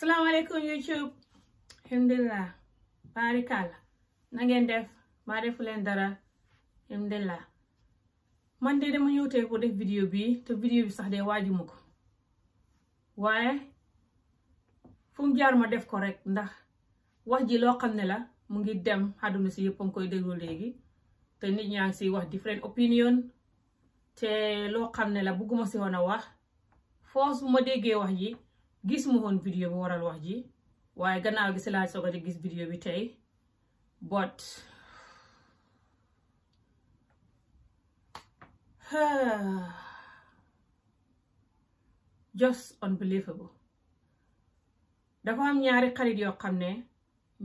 salaamaaleykum youtube alhamdulilah barikàlla na ngeen def maa defu leen dara alhamdulilah man de dama ñëw tey pour def vidéo bi te vidéo bi sax de waajuma ko waaye fu jaar ma def ko rek ndax wax ji loo xam ne la mu ngi dem àdduna si yëpp koy déglu léegi te nit ñaa si wax different opinion te loo xam ne la bugguma si woon a wax foo bu ma déggee wax ji gis mu woon vidéo bi waral wax ji waaye gannaaw gi si laa soog a di gis vidéo bi tey but just unbelievable dafa am ñaari xarit yoo xam ne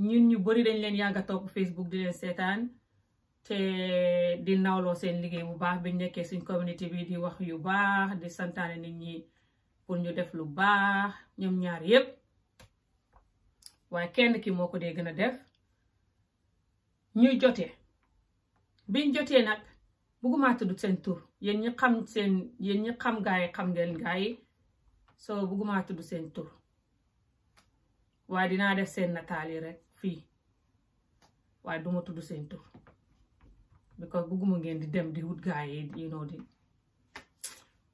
ñun ñu bari dañ leen yàgg a Facebook di leen seetaan te di nawloo seen liggéey bu baax bi nekkee suñ communauté bi di wax yu baax di santaane nit ñi pour ñu def lu baax ñoom ñaar yépp waaye kenn ki moo ko dee gën a def ñuy jotee biñ jotee nag bëgguma tudd seen tur yéen ñi xam seen yéen ñi xam gaa yi xam ngeen gaa yi soo bëgguma tudd seen tur dinaa def seen nataal yi rek fii waaye duma tudd seen tur because bëgguma ngeen di dem di wut gaa yi you di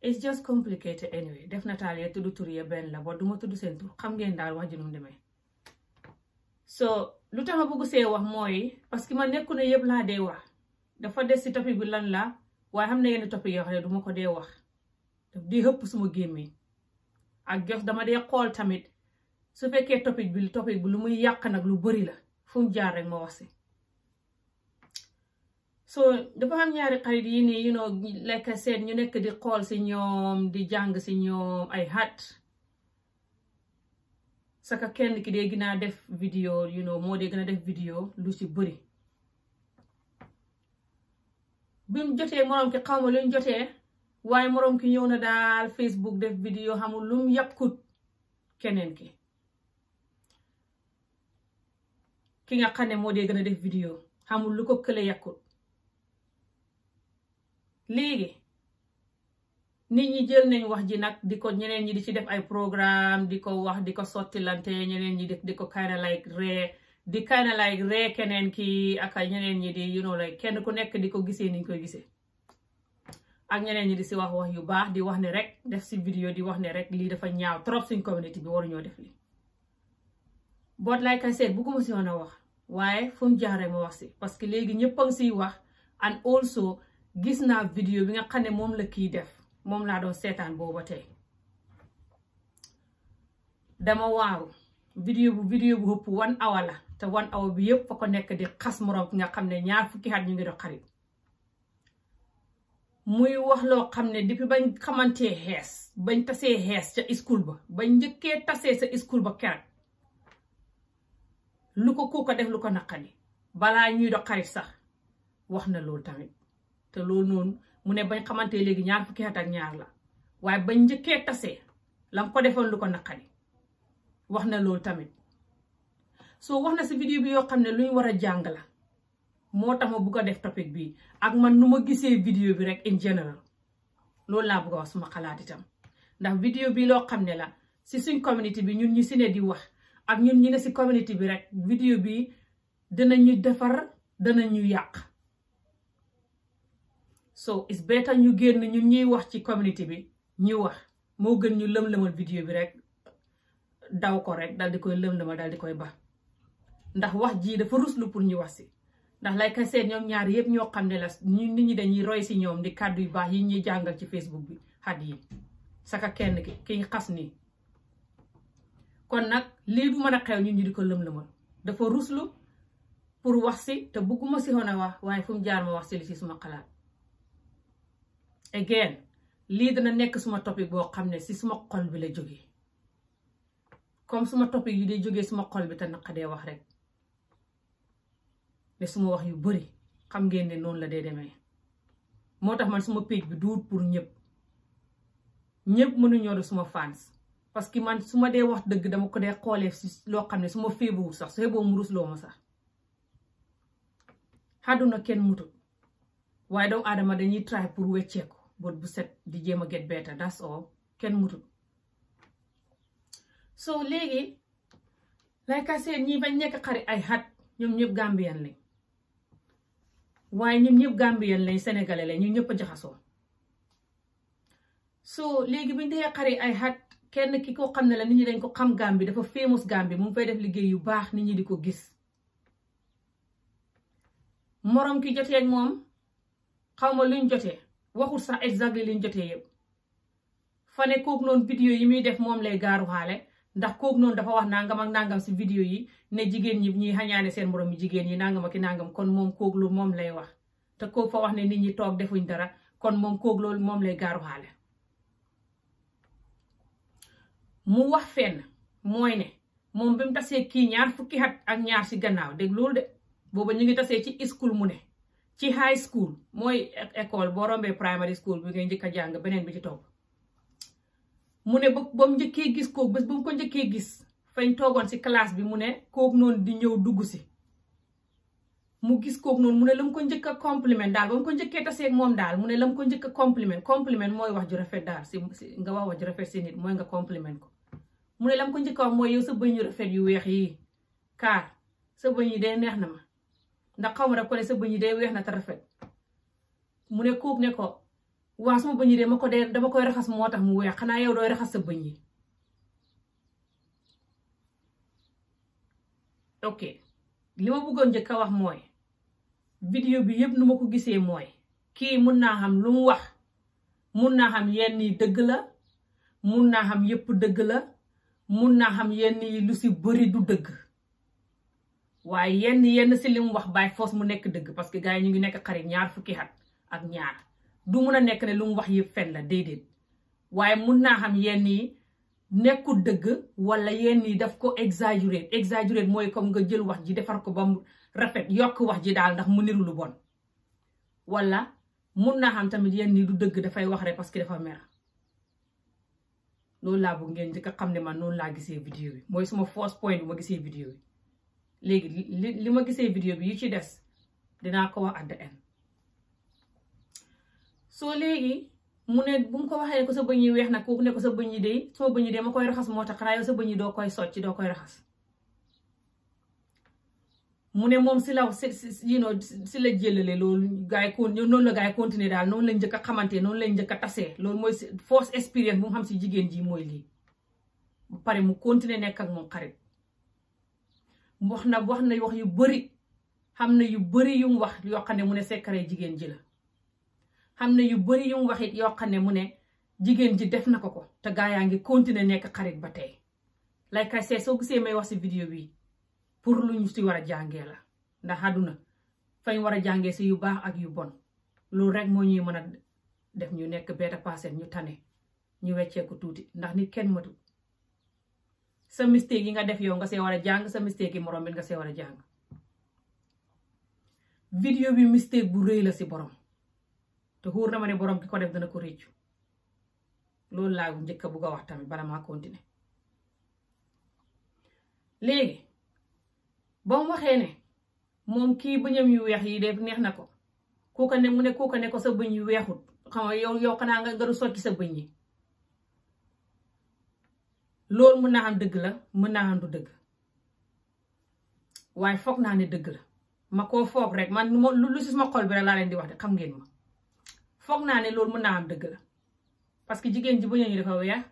it's just complicated anyway def nataal yee tudd tur yee benn la boo duma tudd seen tur xam ngeen daal wax ji nu mu demee so lu tax ma see wax mooy parce que ma nekku ne yëpp laa dee wax dafa des si topic bi lan la waaye xam ne yenn topic yoo xam ne du ko dee wax daf hëpp suma gémmiñ ak jos dama dee xool tamit su fekkee topic bi lu muy yàq nag lu bari la fu jaar rek ma wax si so dafa am ñaari xarit yi nii you know like I ñu nekk di xool si ñoom di jàng si ñoom ay hat saka kenn ki dee gën def vidéo you know moo dee gën a def vidéo lu si bëri bi jotee moroom ki xaw ma lu ñu jotee waaye moroom ki ñëw na daal Facebook def vidéo xamul lu mu yàqut keneen ki ki nga xam ne moo dee gën a def vidéo xamul ko kële yàqut léegi nit ñi jël nañ wax ji nag di ko ñeneen ñi di ci def ay programme di ko wax di ko sottilante ñeneen ñi di ko kind of ree di kind lay ree keneen ki ak ñeneen ñi di you kenn ku nekk di ko gisee niñ koy gisee ak ñeneen ñi di si wax wax yu baax di wax ne rek def si vidéo di wax ne rek lii dafa ñaaw trop suñ community bi waruñoo def lii boot like I said bugguma si woon a wax waaye fu mu jaaree ma wax si parce que léegi ñëpp a ngi siy wax and also gis naa vidéo bi nga xam ne moom la kii def moom laa doon seetaan booba tey dama waaru vidéo bu vidéo bu ëpp wan awa la te wan awa bi yëpp fa ko nekk di xas morom ki nga xam ne ñaar fukki at ñu ngi doon xarit muy wax loo xam ne depuis bañ xamantee xees bañ tasee xees ca iskul ba bañ njëkkee tasee sa iskul ba keroog lu ko kooka def lu ko naqari balaa ñuy do xarit sax wax na loolu tamit te loolu noonu mu ne bañ xamante léegi ñaar fukki at ñaar la waaye bañ njëkkee tasee lam ko defoon lu ko naqari wax na loolu tamit soo wax na si vidéo bi yoo xam ne lu ñu war a jàng moo tax ma bugg a def topic bi ak man nu ma gisee vidéo bi rek in general loolu laa bugg wax suma xalaat itam ndax vidéo bi loo xam ne la si suñ community bi ñun ñu si ne di wax ak ñun ñu ne si community bi rek vidéo bi dinañu defar danañu yàq so it's better ñu génn ñun ñuy wax ci community bi ñu wax moo gën ñu lëm-lëmal vidéo bi rek daw ko rek dal di koy lëm-lëmal dal di koy baax ndax wax jii dafa ruslu pour ñu wax si ndax lay ka seet ñaar yëpp ñoo xam ne la ñu ñi dañuy roy si ñoom di kàddu yu baax yi ñuy jàngal ci Facebook bi xat yi saka kenn ki ki xas nii kon nag lii bu mën a xew ñun di ko lëm-lëmal dafa ruslu pour wax si te bugguma si woon a wax waaye fu mu jaar ma wax si li suma xalaat again lii dana nekk suma toppi boo xam ne si suma xol bi la jógee comme suma toppi yi day jógee suma xol bi te naqadee wax rek ne suma wax yu bëri xam ngeen ne noonu la dee demee moo tax man suma page bi duut pour ñëpp ñépp mënuñoo du suma fans parce que man su ma dee wax dëgg dama ko dee xoolee si loo xam ne suma ma féebuwul sax su feeboo mu rus loo ma sax xàdduna kenn mutut waaye doomu aadama dañuy try pour wecceeku bët bu set di jéem a get better that's all kenn mutut so léegi like I said ñi bañ nekk xarit ay xat ñoom ñëpp Gambien lañ waaye ñun ñëpp Gambien lañ Sénégalais lañ ñëpp a jaxasoo soo léegi buñ dee xarit ay xat kenn ki koo xam ne la nit ñu dañ ko xam Gambie dafa famous Gambie mu ngi fay def liggéey yu baax ni ñi di ko gis morom ki jotee moom xaw ma luñ jotee waxul sax exactly liñ jotee yëpp fa ne kook noonu vidéo yi muy def moom lay gaaru xaale ndax kook noonu dafa wax nangam nangam si vidéo yi ne jigéen ñi ñuy xañaane seen moroom yi jigéen ñi nangam ki nangam kon moom kooku lu moom lay wax te kooku fa wax ne nit ñi toog defuñ dara kon moom kooku loolu moom lay gaaru xaale mu wax fenn mooy ne moom bi mu tasee kii ñaar fukki at ak ñaar si gannaaw dégg loolu de booba ñu ngi tasee ci iskul mu ne ci high school mooy école boo rombee primary school bi njëkk a jàng beneen bi ci topp mu ne ba ba njëkkee gis kooku ba mu ko njëkkee gis fañ toogoon si classe bi mu ne kooku noonu di ñëw dugg si mu gis kooku noon mu ne la mu ko njëkk a compliment daal ba mu ko njëkkee moom daal mu ne la ko njëkk a compliment compliment mooy wax ju rafet daal si nga wax wax ju rafet si nit mooy nga compliment ko mu ne la mu ko njëkk a wax mooy yow sa bëñ yu rafet yu weex yi kaar sa bëñ yi dee neex na ma ndax xaw ma nag ko ne sa bëñ yi day weex na te rafet mu ne kooku ne ko waa sama bëñ yi de ma ko dee dama koy raxas moo tax mu weex xanaa yow dooy raxas sa bëñ yi ok li ma bëggoon njëkk a wax mooy vidéo bi yëpp nu ma ko gisee mooy kii mun naa xam lu mu wax mun naa xam yenni dëgg la mun naa xam yëpp dëgg la mun naa xam yenn yi lu si bëri du dëgg waaye yenn yenn si li mu wax bàyyi force mu nekk dëgg parce que gars yi ñu ngi nekk xarit ñaar fukki at ak ñaar du mun a nekk ne lu mu wax yëpp fen la déedéet waaye mun naa xam yenn yi nekkul dëgg wala yenn yi daf ko exagéré exagéré mooy comme nga jël wax ji defar ko ba mu yokk wax ji daal ndax mu niru lu bon wala mun naa xam tamit yenn yi du dëgg dafay wax rek parce que dafa mer loolu laa bëgg ngeen njëkk a xam ne man noonu laa gisee vidéo yi mooy suma first point bi gisee vidéo yi léegi li ma gisee vidéo bi yi ci des dinaa ko wax at the soo léegi mu bu mu ko waxee ko sa bëñ yi weex na kooku ne ko sa bëñ yi dey soo bëñ yi dey koy raxas moo tax xanaa yow sa bëñ yi doo koy socc doo koy raxas mu ne moom si la si si si la jëlale loolu gars yi con noonu la gars yi continuer daal noonu lañ njëkk a xamante noonu la njëkk a tasee loolu mooy force expérience bu mu xam si jigéen ji mooy lii ba pare mu continuer nekk ak moom xarit wax na wax na wax yu bëri xam na yu bëri yum wax yoo xam ne mu ne secret jigéen ji la xam na yu bëri yum wax it yoo xam ne mu ne jigéen ji def na ko ko te gaa yaa ngi continuer nekk xarit ba tey lay I said soo gisee may wax si vidéo bi pour luñ si war a jàngee la ndax àdduna fay war a jàngee si yu baax ak yu bon loolu rek moo ñuy mën a def ñu nekk beeta paase ñu tane ñu wecceeku tuuti ndax nit kenn matul sa mistake yi nga def yow nga see war a jàng sa mistake yi moroom nga see war a jàng vidéo bi mistake bu rëy la si borom te xuur na ma ne borom ki ko def dana ko réccu loolu laa njëkk a bugg a wax tamit bala maa continuer léegi ba mu waxee ne moom kii bëñam yu weex yi def neex na ko kooka ne mu ne kooka ne ko sa bëñ yu weexut xam nga yow yow xanaa nga garu sotti sa bëñ yi lool mën naa am dëgg la mën naa am du dëgg waaye foog naa ni dëgg la ma koo foog rek man lu si ma xol bi rek laa leen di wax de xam ngeen ma foog naa ne loolu mën naa am dëgg parce que jigéen ji ba ñu dafa weex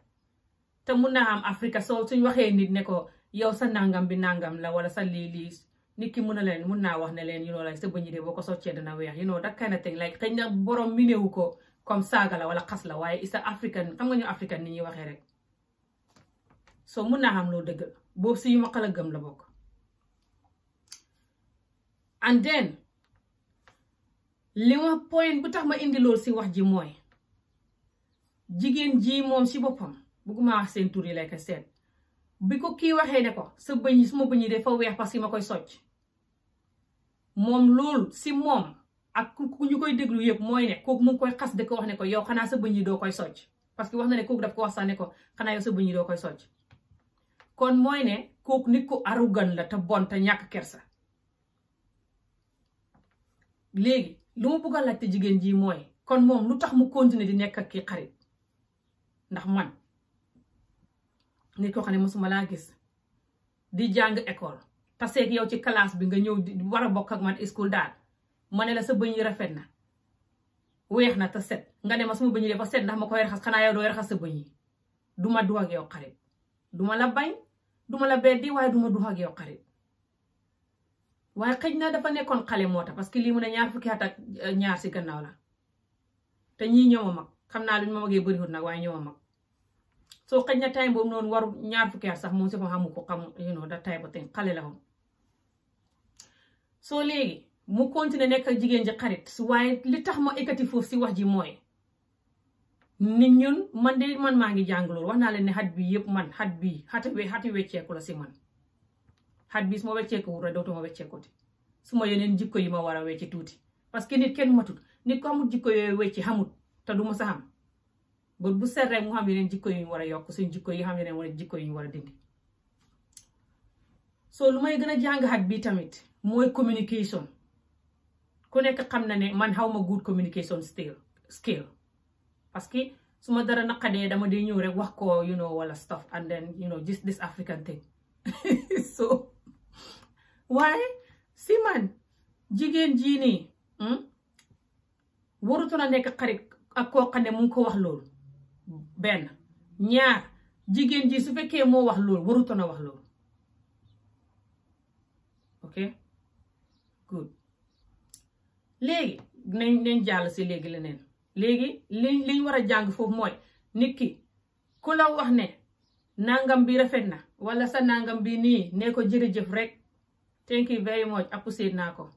te mën naa am Afrique soo suñ waxee nit ne ko yow sa nangam bi nangam la wala sa lii lii nit ki mën na leen mun naa wax ne leen you know like sa bëñ de boo ko soccee dana weex yi know that kind of thing like xëy na borom minéewu ko comme saaga la wala xas la waaye isa African xam nga ñu africa ni ñuy waxee rek. soo mun naa xam loo dëgg boo boobu si yu ma xala gëm la bokk and then li ma point bu tax ma indi lool si wax ji mooy jigéen ji moom si boppam bëgguma wax seen tur yi lay ko seet bi ko kii waxee ne ko sa bëñ suma bëñ yi dafa weex parce que ma koy socc moom lool si moom ak ku ñu koy déglu yëpp mooy ne kooku mu ngi koy xas de ko wax ne ko yow xanaa sa bëñ yi doo koy socc parce que wax na ne kooku daf ko wax sax ne ko xanaa yow sa bëñ yi doo koy socc kon mooy ne kooku nit ku arrogant la te bon te ñàkk kersa léegi lu ma bëgg a laajte jigéen ji mooy kon moom lu tax mu continuer di nekk ak kii xarit ndax man nit koo xam ne mosuma laa gis di jàng ecole école taseeg yow ci classe bi nga ñëw di war a bokk ak man school daal ma ne la sa bëñ yi rafet na weex na te set nga ne ma sama bëñ yi dafa set ndax ma koy raxas xanaa yow doo raxas sa bëñ yi du ma du ak yow la bañ duma la beddi waaye duma dux ak yow xarit waaye xëj na dafa nekkoon xale moo tax parce que lii mu ne ñaar fukki at ak euh, ñaar si gannaaw la te ñii ñoo ma mag xam naa luñ ma magee bëriwut nag waaye ñoo ma mag soo xëj na time boobu noonu waru ñaar fukki at sax moom si ko xamu ko da tay ba tey xale la woon soo léegi mu continuer nekk ak jigéen ji xarit waaye li tax ma ekkati foofu si wax ji mooy ni ñun man de man maa ngi jàng loolu wax naa leen ne xat bi yëpp man xat bi xati we xati wecceeku la si man xat bi su ma wecceekuwul rek dootuma wecceekuti su ma yeneen jikko yi ma war a wecci tuuti parce que nit kenn matut nit ko amul jikko yooyu wecci xamut te du ma sa xam ba bu set rek mu xam yeneen jikko yu ñu war a yokk suñ jikko yi xam yeneen wala jikko yu ñu war a dindi so lu may gën a jàng xat bii tamit mooy communication ku nekk xam na ne man xaw ma good communication skill parce que su ma dara naqadee dama di ñëw rek wax koo you know wala stuff and then you know just this African thing so waaye si man jigéen jii nii hmm, warutoon a nekk xarit ak koo xam ne mu ko wax lool benn ñaar jigéen ji su fekkee moo wax loolu warutoon a wax lool ok good léegi dinañ dinañ jàll si léegi leneen léegi li lii war a jàng foofu mooy nit ki ku la wax ne nangam bi rafet na wala sa nangam bi nii nee ko jërëjëf rek thank you very much apprécié naa ko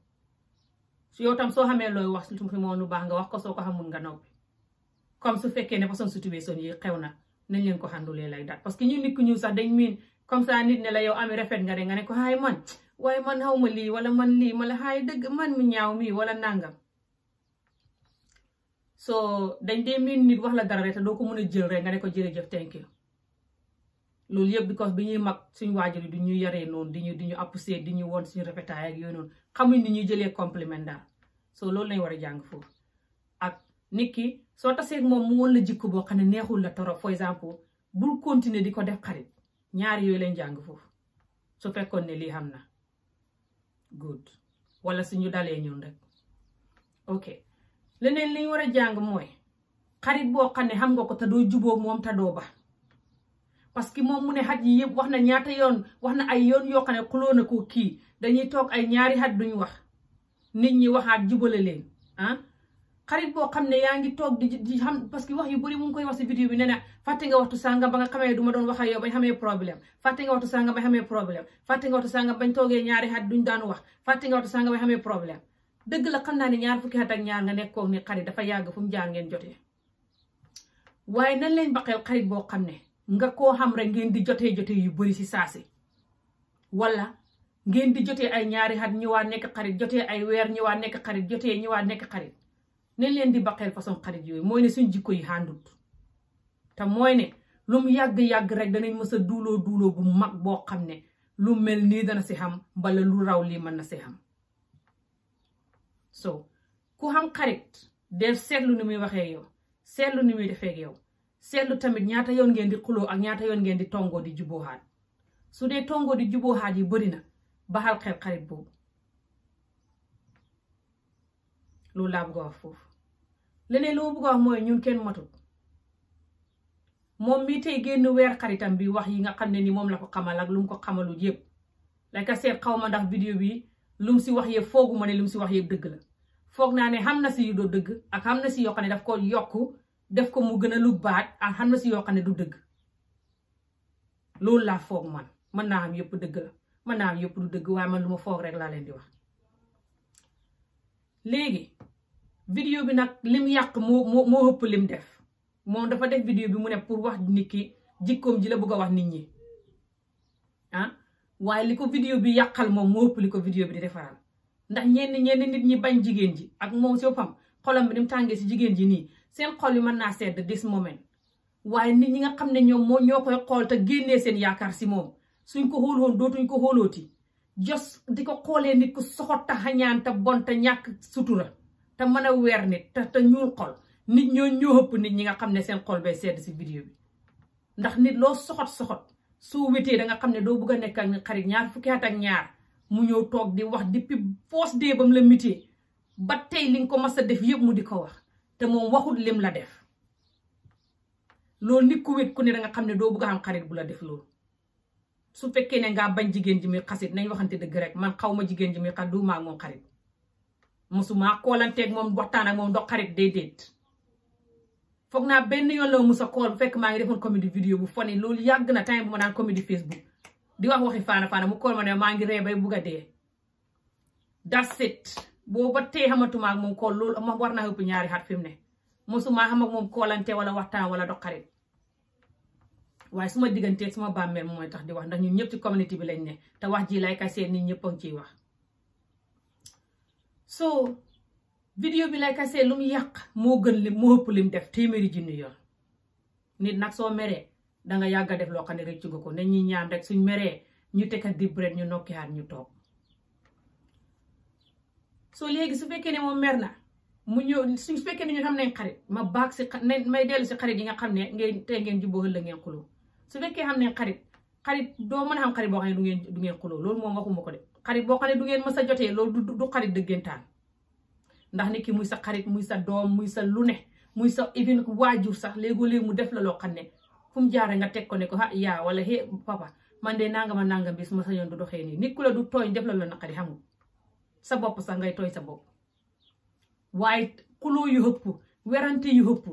yow tam soo xamee looy wax su moo nu baax nga wax ko soo ko xamul nga noppi comme su fekkee ne façon situation yi xew na na leen ko xandulee lay daal parce que ñu nit ku sax dañ miin comme ça nit ne la yow ami rafet nga de nga ne ko haay man waaye man xaw ma lii wala man lii ma la haay dëgg man mi ñaaw mii wala nangam soo dañ dee miin nit wax la dara rek doo ko mën a jël rek nga ne ko jërëjëf thank you loolu yëpp because bi ñuy mag suñu waajur yi du ñu yaree noonu di ñu di ñu appusé di ñu woon suñu rafetaay ak yooyu noonu xamuñ ni ñuy jëlee compliment daal so loolu lañ war a jàng foofu ak nit ki soo tasee moom mu woon la jikko boo xam ne neexul la torop for exemple bul continuer di ko def xarit ñaari yooyu lañ jàng foofu su fekkoon ne lii xam na good wala suñu dalee ñun rek ok leneen li ñu war a jàng mooy xarit boo xam ne xam nga ko te doo jubóo moom te doo ba parce que moom mu ne xaj yi yëpp wax na ñaata yoon wax na ay yoon yoo xam ne xuloo na ko kii dañuy toog ay ñaari xaj duñ wax ni ñi waxaat jubale leen ah xarit boo xam ne yaa ngi toog di di xam parce que wax yu bëri mu ngi wax si vidéo bi nee na waxtu sàngam ba nga xamee du doon wax ak yow bañ xamee problème fàtte nga waxtu sàngam bañ xamee problème fàtte toogee ñaari xaj duñ daan wax fàtte nga waxtu sàngam bañ problème dëgg la xam naa ni ñaar fukki at ak ñaar nga nekkoon ni xarit dafa yàgg fu mu jaar ngeen jotee waaye nan lañ baqeel xarit boo xam ne nga koo xam rek ngeen di jotee jotee yu bëri si saasi wala ngeen di jotee ay ñaari at ñëwaat nekk xarit jotee ay weer ñëwaat nekk xarit jotee ñëwaat nekk xarit nañ leen di baqeel façon xarit yooyu mooy ne suñ jikko yi àndut te mooy ne lu yàgg-yàgg rek danañ mës a duloo duuloo bu mag boo xam ne lu mel nii dana si xam bala lu raw lii mën na si xam so ku xam xarit del seetlu ni muy waxee yow seetlu ni muy defee yow seetlu tamit ñaata yoon ngeen di xuloo ak ñaata yoon ngeen di tongoo di juboo jubooxaat su dee tongoo di jubooxaat yi bëri na baxal xel xarit boobu lu laa bëgg wax foofu leneen lu ma bëgg a wax mooy ñun kenn matut moom mii tey génn weer xaritam bi wax yi nga xam ne nii moom la ko xamal ak lu ko xamalu yëpp la ka seet xaw ma ndax vidéo bi lu mu si wax yëpp foogu ma ne lu mu si wax yëpp dëgg la foog naa ni xam na si doo dëgg ak xam na si yoo xam ne daf ko yokk def ko mu gën a lu baat ak xam na si yoo xam ne du dëgg loolu laa foog man mën naa am yëpp dëgg la mën naa am yëpp du dëgg waaye man lu ma foog rek laa leen di wax léegi vidéo bi nag lim yàq moo moo moo ëpp lim def moom dafa def vidéo bi mu ne pour wax nit ki jikkoom ji la bëgg a wax nit ñi ah waaye li ko vidéo bi yàqal moom moo ëpp li ko vidéo bi di defaral ndax ñenn ñenn nit ñi bañ jigéen ji ak moom si boppam xolam bi ni mu tàngee si jigéen ji nii seen xol yi mën naa sedd this moment waaye nit ñi nga xam ne ñoom moo ñoo koy xool te génnee seen yaakaar si moom suñ ko xooloon dootuñ ko xoolooti jos di ko xoolee nit ku soxot te xañaan te bon te ñàkk sutura te man a weer nit te te ñuul xol nit ñoo ñoo ëpp nit ñi nga xam ne seen xol bay sedd si vidéo bi ndax nit loo soxot soxot soo wétee da nga xam ne doo bëgg a nekk ak xarit ñaar fukki at ak ñaar mu ñëw toog di wax depuis foos dee bam la mitee ba tey li nga ko mas a def yëpp mu di ko wax te moom waxut lim la def loolu nit ku wét ku ne da xam ne doo bëgg a xarit bu la def loolu su fekkee ne ngaa bañ jigéen ji muy xasit nañ waxante dëgg rek man xaw ma jigéen ji muy xas du maa moom xarit mosuma koolanteeg moom waxtaan ak moom do xarit déedéet foog naa benn yoon la mos a kool bu fekk maa ngi defoon comédie vidéo bu foni loolu yàgg na temps bu ma di wax waxi faana faana mu kool ne maa ngi ree bay bugg a dee that's it boo ba tey xamatuma ak moom kool loolu ma war naa ëpp ñaari xat fi mu ne mosuma xam ak moom koolante wala waxtaan wala doxarit waaye suma digganteeg suma bàmmeel mooy tax di wax ndax ñu ñëpp ci communauté bi lañ ne te wax ji lay kase nit ñëpp a ngi ciy wax so vidéo bi lay kase lu mu yàq moo gën lim moo ëpp lim def téeméeri junni yoon nit nag soo meree danga yàgg a def loo xam ne rëccu nga ko ne ñuy ñaan rek suñ meree ñu teg a dib ñu nokki aat ñu toog soo léegi su fekkee ne moom mer na mu ñëw su fekkee ne ñu xam nañ xarit ma baag si may dellu si xarit yi nga xam ne ngeen tey ngeen jubboo ëllëg ngeen xuloo su fekkee xam ne xarit xarit doo mën a boo xam ne du du ngeen loolu moom waxuma ko de xarit boo xam ne du ngeen ma sa jotee loolu du xarit dëggantaan ndax nit ki muy sa xarit muy sa doom muy sa lu ne muy sa even waajur sax léegoo léegi mu def la loo xam ne fu mu jaare nga teg ko ne ko yaa wala he papa man de nangama nangam bi suma sañoon du doxee nii nit ku du tooñ def la la naqari xamul sa bopp sax ngay tooñ sa bopp waaye kuloo yu hëpp werante yu hëpp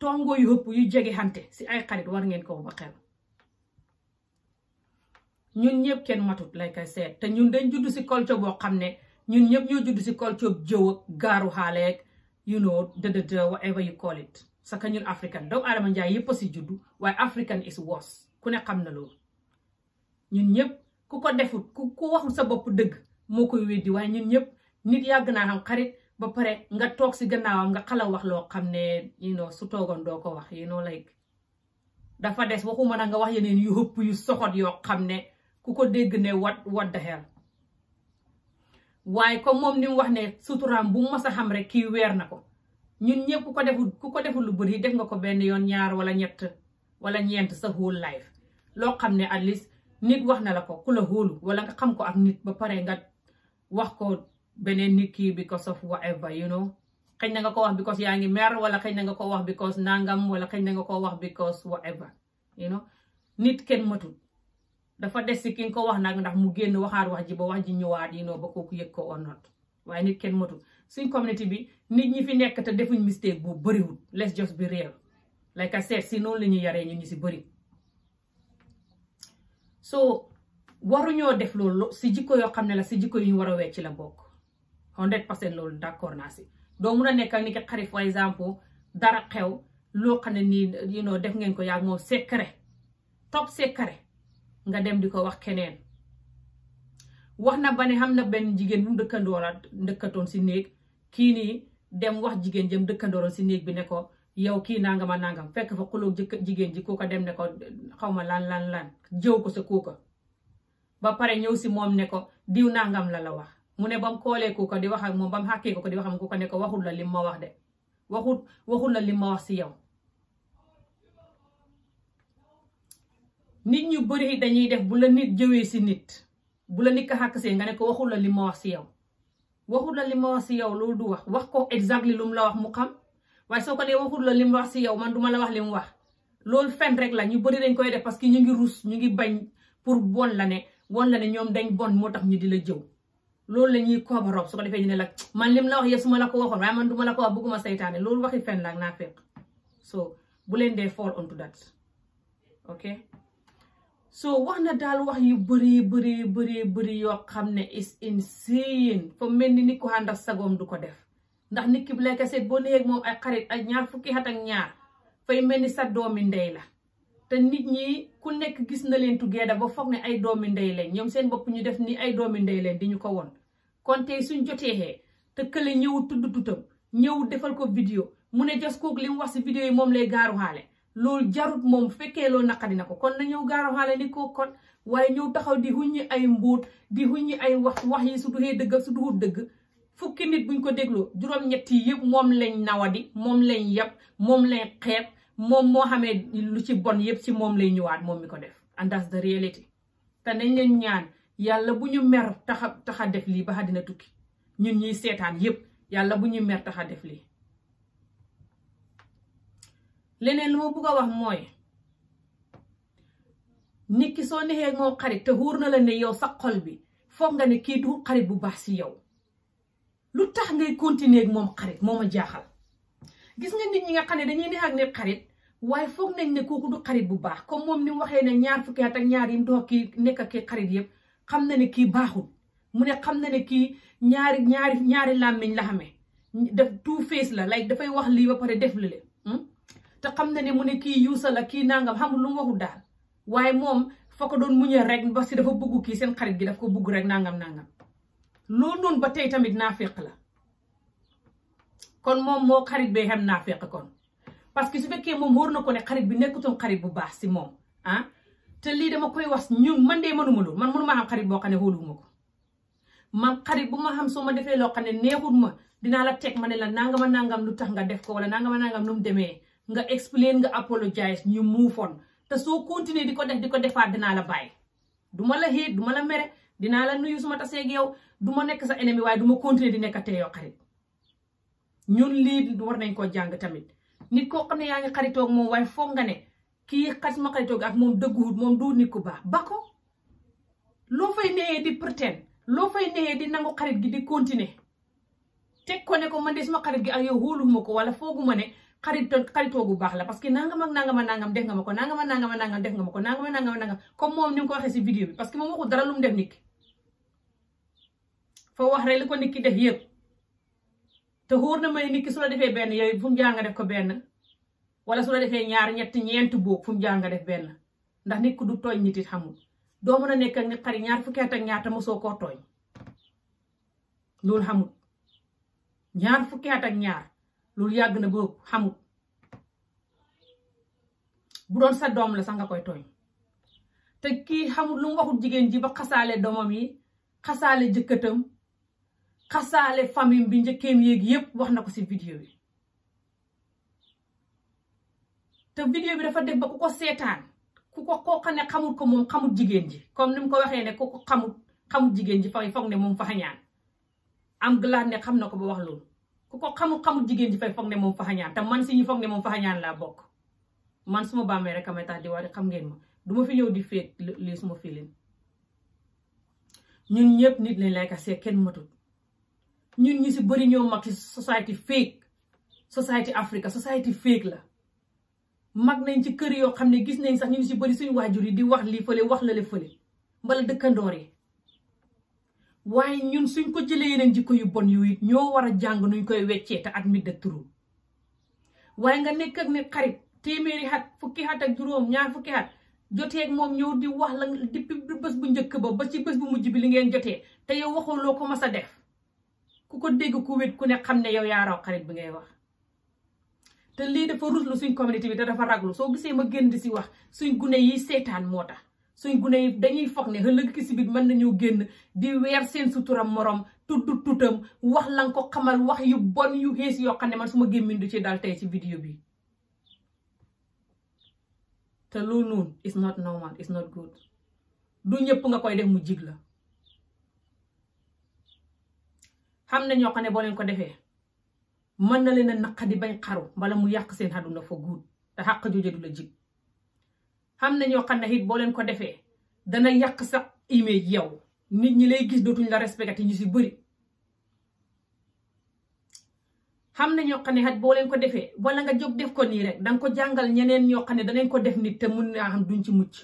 tongoo yu hëpp yu jege xante si ay xarit war ngeen ko ba xel ñun ñëpp kenn matut lay kay seet te ñun dañ judd si culture boo xam ne ñun ñëpp ñoo judd si culture jëw ak gaaru xaaleeg you know dëdëdë whatever you call it sa ka ñun african daw aadama njaay yëpp si juddu waaye african is worse ku ne xam na loolu ñun ñëpp ku ko defut ku ku waxul sa bopp dëgg moo koy weddi waaye ñun ñëpp nit yàgg naa xam xarit ba pare nga toog si gannaawam nga xala wax loo xam ne you su toogoon doo ko wax you know like dafa des waxuma na nga wax yeneen yu hëpp yu soxot yoo xam ne ku ko dégg ne what what the hell waaye comme moom ni mu wax ne suturaam bu mu mas a xam rek kii weer na ko ñun ñëpp ku ko deful ku ko deful lu bëri def nga ko benn yoon ñaar wala ñett wala ñeent sa whole life loo xam ne at least nit wax na la ko ku la hóolu wala nga xam ko ak nit ba pare nga wax ko beneen nit kii because of whatever you know xëy na nga ko wax because yaa ngi mer wala xëy na nga ko wax because nangam wala xëy na nga ko wax because whatever you know nit kenn matul dafa des si ki ko wax nag ndax mu génn waxaat wax ji ba wax ji ñëwaat you know ba kooku yëg ko or not nit kenn matul suñ communauté bi nit ñi fi nekk te defuñ mistake boobu bëriwul let's just bi real like I said si noonu lañuy ñuy yaree ñun ñu si bëri soo waruñoo def loolu si jikko yoo xam ne la si jikko yu ñu war a wecc la bokk 100 pour cent loolu d'accord naa si doo mun a nekk ni ki xarit par exemple dara xew loo xam ne nii you def ngeen ko yaag moom secret top secret nga dem di ko wax keneen wax na ba ne xam na benn jigéen bu mu dëkkandoo dëkkatoon si néeg kii nii dem wax jigéen jëm dëkkandooroon si néeg bi ne ko yow kii nangama nangam fekk fa xuloo jëkk jigéen ji kooka dem ne ko xaw ma laan lan lan jëw ko sa kooka ba pare ñëw si moom ne ko diw nangam la la wax mu ne ba mu koolee kooka di wax ak moom ba mu xàkkee ko di wax ak kooka ne waxul la lim ma wax de waxul la lim ma wax si yow. nit ñu bëri dañuy def bu la nit jëwee si nit bu la nit ka xàkk see nga ne waxul la lim ma wax si yow. waxul la li ma wax si yow loolu du wax wax ko exactly lu la wax mu xam waaye soo ko dee waxul la li mu wax si yow man du ma la wax li mu wax loolu fen rek la ñu bëri dañ koy def parce que ñu ngi rus ñu ngi bañ pour bon la ne won la ne ñoom dañ bon moo tax ñu di la jëw loolu la ñuy koobarob su ko defee ñu ne la man lim la wax yee su ma la ko waxoon waaye man du ma la ko wax bëgguma saytaane loolu waxi fen la ak naa fekk so bu leen dee fall onto that ok so wax na daal wax yu bëree bëree bëree bëri yoo xam ne is insane fa mel ni nit ku ànd ak sagoom du ko def ndax nit ki bu lay kese boo néeg moom ay xarit ay ñaar fukki at ak ñaar fay mel ni sa doomi ndey la te nit ñi ku nekk gis na leen tu tuggeeda ba foog ne ay doomi ndey leen ñoom seen bopp ñu def ni ay doomi ndey leen di ñu ko won kon tey suñ jotee te kële ñëw tudd tutam ñëw defal ko vidéo mu ne jos kook li mu wax si vidéo yi moom lay gaaru xaale loolu jarut moom fekkee loolu naqadi na ko kon na ñëw gaarawaale ni ko kon waaye ñëw taxaw di huññi ay mbóot di huññi ay wax wax yi su duxee dëgg su duxut dëgg fukki nit buñ ko dégloo juróom-ñett yi yëpp moom lañ nawadi moom lañ yab moom lañ xeeb moom moo xamee lu ci bon yëpp ci moom lay ñëwaat moom mi ko def and that's the te nañ leen ñaan yàlla bu ñu mer taxa taxa def lii ba dina tukki ñu ñuy seetaan yëpp yàlla bu ñu mer taxa def lii leneen lu ma bëgg a wax mooy nit ki soo nexee moo xarit te wóor na la ne yow sa xol bi foog nga ne kii du xarit bu baax ci yow lu tax ngay continuer ak moom xarit moo ma jaaxal gis nga nit ñi nga xam ne dañuy neex ak ne xarit waaye foog nañ ne kooku du xarit bu baax comme moom ni mu waxee ne ñaar fukki at ak kii nekk ak xarit yëpp xam na ne kii baaxul mu ne xam na ne kii ñaari ñaari ñaari làmmiñ la xamee def two face la like dafay wax lii ba pare def lale hmm? te xam na ne mu ne kii yuusa la kii nangam xamul lu mu waxul daal waaye moom foo ko doon mu muñal rek ba si dafa bugg kii seen xarit gi daf ko bugg rek nangam nangam loolu noonu ba tey tamit naafeq la kon moom moo xarit bee xam naafeq kon parce que su fekkee moom wóor na ko ne xarit bi nekkutoon xarit bu baax si moom ah te lii dama koy wax ñun man de mënuma lu man mënuma xam xarit boo xam ne ma ko man xarit bu ma xam soo ma defee loo xam ne neexut ma dinaa la teg ma ne la nangama nangam lu tax nga def ko wala nangama nangam nu mu demee nga explain nga apologize ñu move on te soo continuer di ko def di ko defaat dinaa la bàyyi du ma la xiit du ma la mere dinaa la nuyu suma taseeg yow du ma nekk sa ennemi waaye du ma continuer di nekk tee yoo xarit ñun lii war nañ koo jàng tamit ni koo xam yaa ngi xaritoog moom waaye foog nga kii xas ma xaritoog ak moom dëgguwut moom du nit ku baax ba ko loo fay neexee di pretend loo fay neexee di nangu xarit gi di continuer teg ko ko man suma xarit gi ak yow wóoluma ko wala fooguma ne xarit xaritoo bu baax la parce que nangam ak nangam ak nangam def nga ma ko nangam ak nangam ak nangam def nga ma ko ni mu ko waxee si vidéo bi parce que moom waxul dara lu def nit ki foo wax rek ko def yëpp te xóor na ma ne nit ki defee benn yooyu fu mu nga def ko benn wala su la defee ñaar ñett ñeent boobu fu mu jaar def benn ndax nit ku du tooñ nit it xamul doo mën a nekk ak nit xarit ñaar fukki at ak ñaar te mosoo koo tooñ loolu xamul ñaar fukki loolu yàgg na boobu xamul bu doon sa doom la sax nga koy tooñ te kii xamul lu mu waxul jigéen ji ba xasaale doomam yi xasaale jëkkëtam xasaale famille bi njëkkeem yéeg yépp wax na ko ci vidéo bi te vidéo bi dafa def ba ku ko seetaan ku ko koo xam xamul ko moom xamul jigéen ji comme ni ko waxee ne ku ko xamul jigéen ji fa foog ne moom fa am glaat ne xam na ko ba wax loolu ku ko xamul xamul jigéen ji fay foog ne moom faxañaan te man si ñu foog ne moom faxañaan laa bokk man suma bàmmee rek amay tax di war xam ngeen ma duma fi ñëw di féet lii suma fii leen ñun ñëpp nit lañ lay kasee kenn matut ñun ñu si bëri ñoo mag si society fake society Africa society fake la mag nañ ci kër yoo xam ne gis nañ sax ñu si bëri suñu waajur yi di wax lii fële wax la le fële mbala dëkkandoor yi waaye ñun suñ ko jëlee yeneen jikko yu bon yooyu ñoo war a jàng nuñ koy weccee te admit de turu waaye nga nekk ak ne xarit téeméeri xat fukki xat ak juróom ñaar fukki xat joteeg moom ñëw di wax la depuis bés bu njëkk ba ba ci bës bu mujj bi li ngeen jotee te yow waxoo loo ko mas a def ku ko dégg ku wét ku ne xam ne yow yaa xarit bi ngay wax te lii dafa ruslu suñ communauté bi te dafa raglu soo gisee ma gën di si wax suñ gune yi seetaan moo tax suñ gune dañuy foog ne ëllëg ki si biir mën nañoo génn di weer seen suturam morom tudd tutam wax lan ko xamal wax yu bon yu xees yoo xam ne man suma gémmiñ du ci dal tey ci vidéo bi te loolu noonu it's not normal it's not good du ñëpp nga koy def mu jig la xam na ñoo xam ne boo leen ko defee man na leen a naqadi bañ xaru mbala mu yàq seen àdduna fa guud te xàq jooje du la jig xam ne ñoo xam ne it boo leen ko defee dana yàq sa image yow nit ñi lay gis dootuñ la respecté ñu si bëri xam na ñoo xam ne xat boo leen ko defee wala nga jóg def ko nii rek danga ko jàngal ñeneen ñoo xam ne danañ ko def nit te mun naa xam duñ ci mucc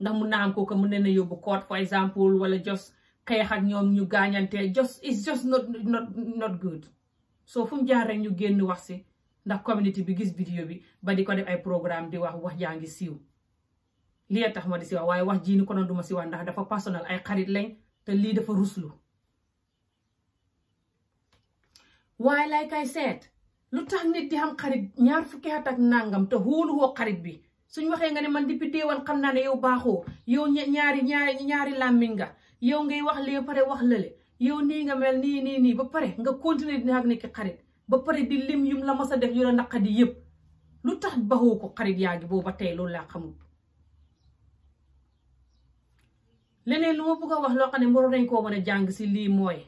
ndax mun naa xam kooku mun ne na yóbbu court for example wala jos xeex ak ñoom ñu gaañante jos it's just not not not good so fu mu jaar rek ñu génn wax si ndax community bi gis vidéo bi ba di ko def ay programme di wax wax jaa ngi siiw lii tax ma di waaye wax jii ni konoon du ma si wax ndax dafa personnel ay xarit lañ te lii dafa ruslu waaye lay kay seet lu tax nit di xam xarit ñaar fukki ak nangam te xóoluwoo xarit bi suñ waxee nga ne man depuis déewal xam naa ne yow baaxoo yow ñaari ñaari ñaari làmmiñ nga yow ngay wax lee pare wax lale yow nii nga mel nii nii nii ba pare nga continuer dina ak nekk xarit ba pare di lim yum la mas a def yu la naqadi yëpp lu tax baxoo ko xarit yaa ngi ba tey loolu laa xamul leneen lu ma bëgg wax loo xam ne waroon nañ koo mën a jàng si lii mooy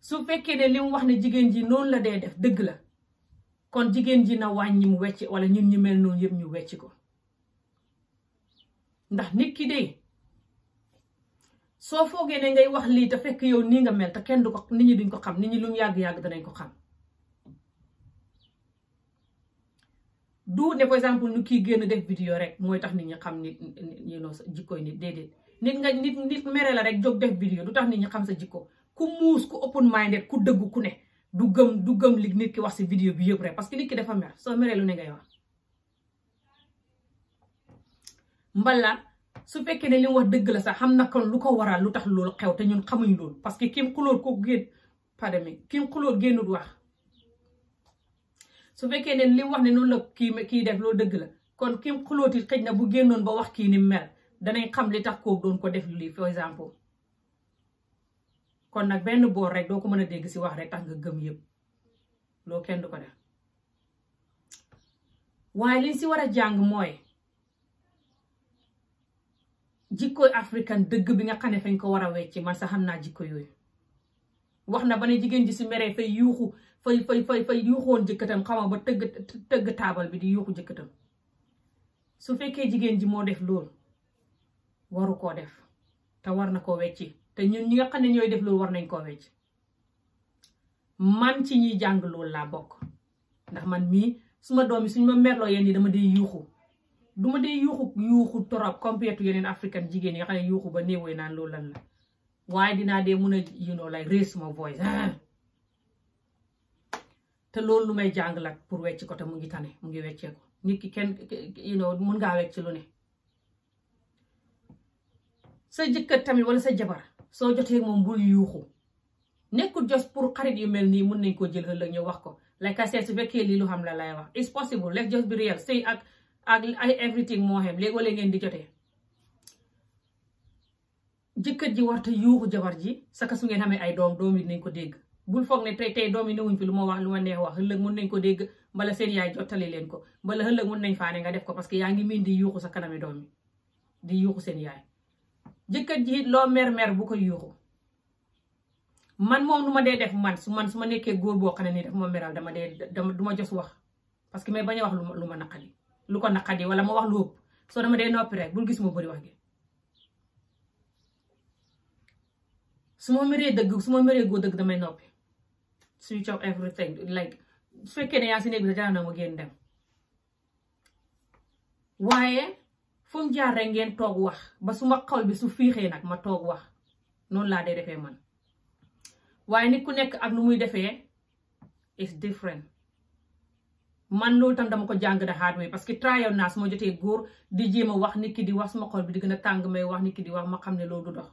su fekkee ne li mu wax ne jigéen ji noonu la dee def dëgg la kon jigéen ji na wàññi mu wecc wala ñun ñu mel noonu yëpp ñu wecc ko ndax nit ki de soo foogee ne ngay wax lii te fekk yow nii nga mel te kenn du ko nit ñi duñ ko xam nit ñi lu mu yàgg-yàgg danañ ko xam du ne par exemple nu kii génn def vidéo rek mooy tax nit ñi xam nit ñi noo sa jikkoy nit déedéet nit nga nit nit mere la rek jóg def vidéo du tax nit ñi xam sa jikko ku muus ku open minded ku dëgg ku ne du gëm du gëm li nit ki wax si vidéo bi yëpp rek parce que nit ki dafa mer soo meree lu ne ngay wax mbala su fekkee ne li wax dëgg la sax xam na kon lu ko waral lu tax loolu xew te ñun xamuñ loolu parce que kim xulóor ko génn par mi kim xulóor génnut wax su fekkee ne li wax ne noonu la kii kii def loo dëgg la kon kim xulóoti xëj na bu génnoon ba wax kii ni mel danañ xam li tax koo doon ko def lii par exemple kon nag benn boor rek doo ko mën a dégg si wax rek tax nga gëm yëpp loo kenn du ko def waaye li si war a jàng mooy jikkoy african dëgg bi nga xam ne fañ ko war a wecc man sa xam naa jikko yooyu wax na ba ne jigéen ji su meree fay yuuxu fay fay fay fay yuuxoon jëkkëtam xaw ma ba tëgg taabal bi di yuuxu jëkkëtam su fekkee jigéen ji moo def loolu waru koo def te war na koo wecci te ñun ñi nga ñooy def loolu war nañ koo wecc man ci ñuy jàng loolu laa bokk ndax man mii suma ma doom yi suñ ma meloo yenn yi dama dee yuuxu duma dee yuuxu yuuxu torop compared to yeneen african jigéen yi nga xam ne yuuxu ba néewee naan loolu lan la waaye dinaa dee mun a you lay like suma my voice te loolu lu may jàng lak pour wecc ko te mu ngi tane mu ngi wecceeku nit ki kenn you mën ngaa wecc lu ne sa jëkkër tamit wala sa jabar soo jotee moom bul yuuxu nekkul jos pour xarit yu mel nii mën nañ koo jël ëllëg ñu wax ko like I said su fekkee lii lu xam la lay wax it's possible let's just be real ak ak ay everything moo xem léegi wala di jotee jëkkër ji warta yuuxu jabar ji saka su ngeen xamee ay doom doom yi nañ ko dégg bul foog ne tey tey doom yi newuñ fi lu ma wax lu ma neex wax ëllëg mun nañ ko dégg mbala seen yaay jottali leen ko mbala ëllëg mun nañ faane nga def ko parce que yaa ngi miin di yuuxu sa kanami doom yi di yuuxu seen yaay jëkkër ji loo mer-mer bu ko yuuxu man moom lu ma dee def man su man su ma nekkee góor boo xam ne nii daf ma meral dama dee dama du ma jos wax parce que mais bañ a wax lu ma lu ma naqadi lu ko naqadi wala ma wax lu ëpp soo dama dee noppi rek bul gis ma bëri wax gi su ma dëgg su ma meree góor dëgg damay noppi switch off everything like su fekkee ne yaa si néeg bi dana ma génn dem waaye fu mu jaar ngeen toog wax ba su ma xol bi su fiixee nag ma toog wax noonu laa dee defee man waaye nit ku nekk ak nu muy defee is different man loolu tam dama ko jàng da hard parce que trial naa su ma jotee góor di jéem a wax nit ki di wax suma xol bi di gën a tàng may wax nit ki di wax ma xam ne loolu du dox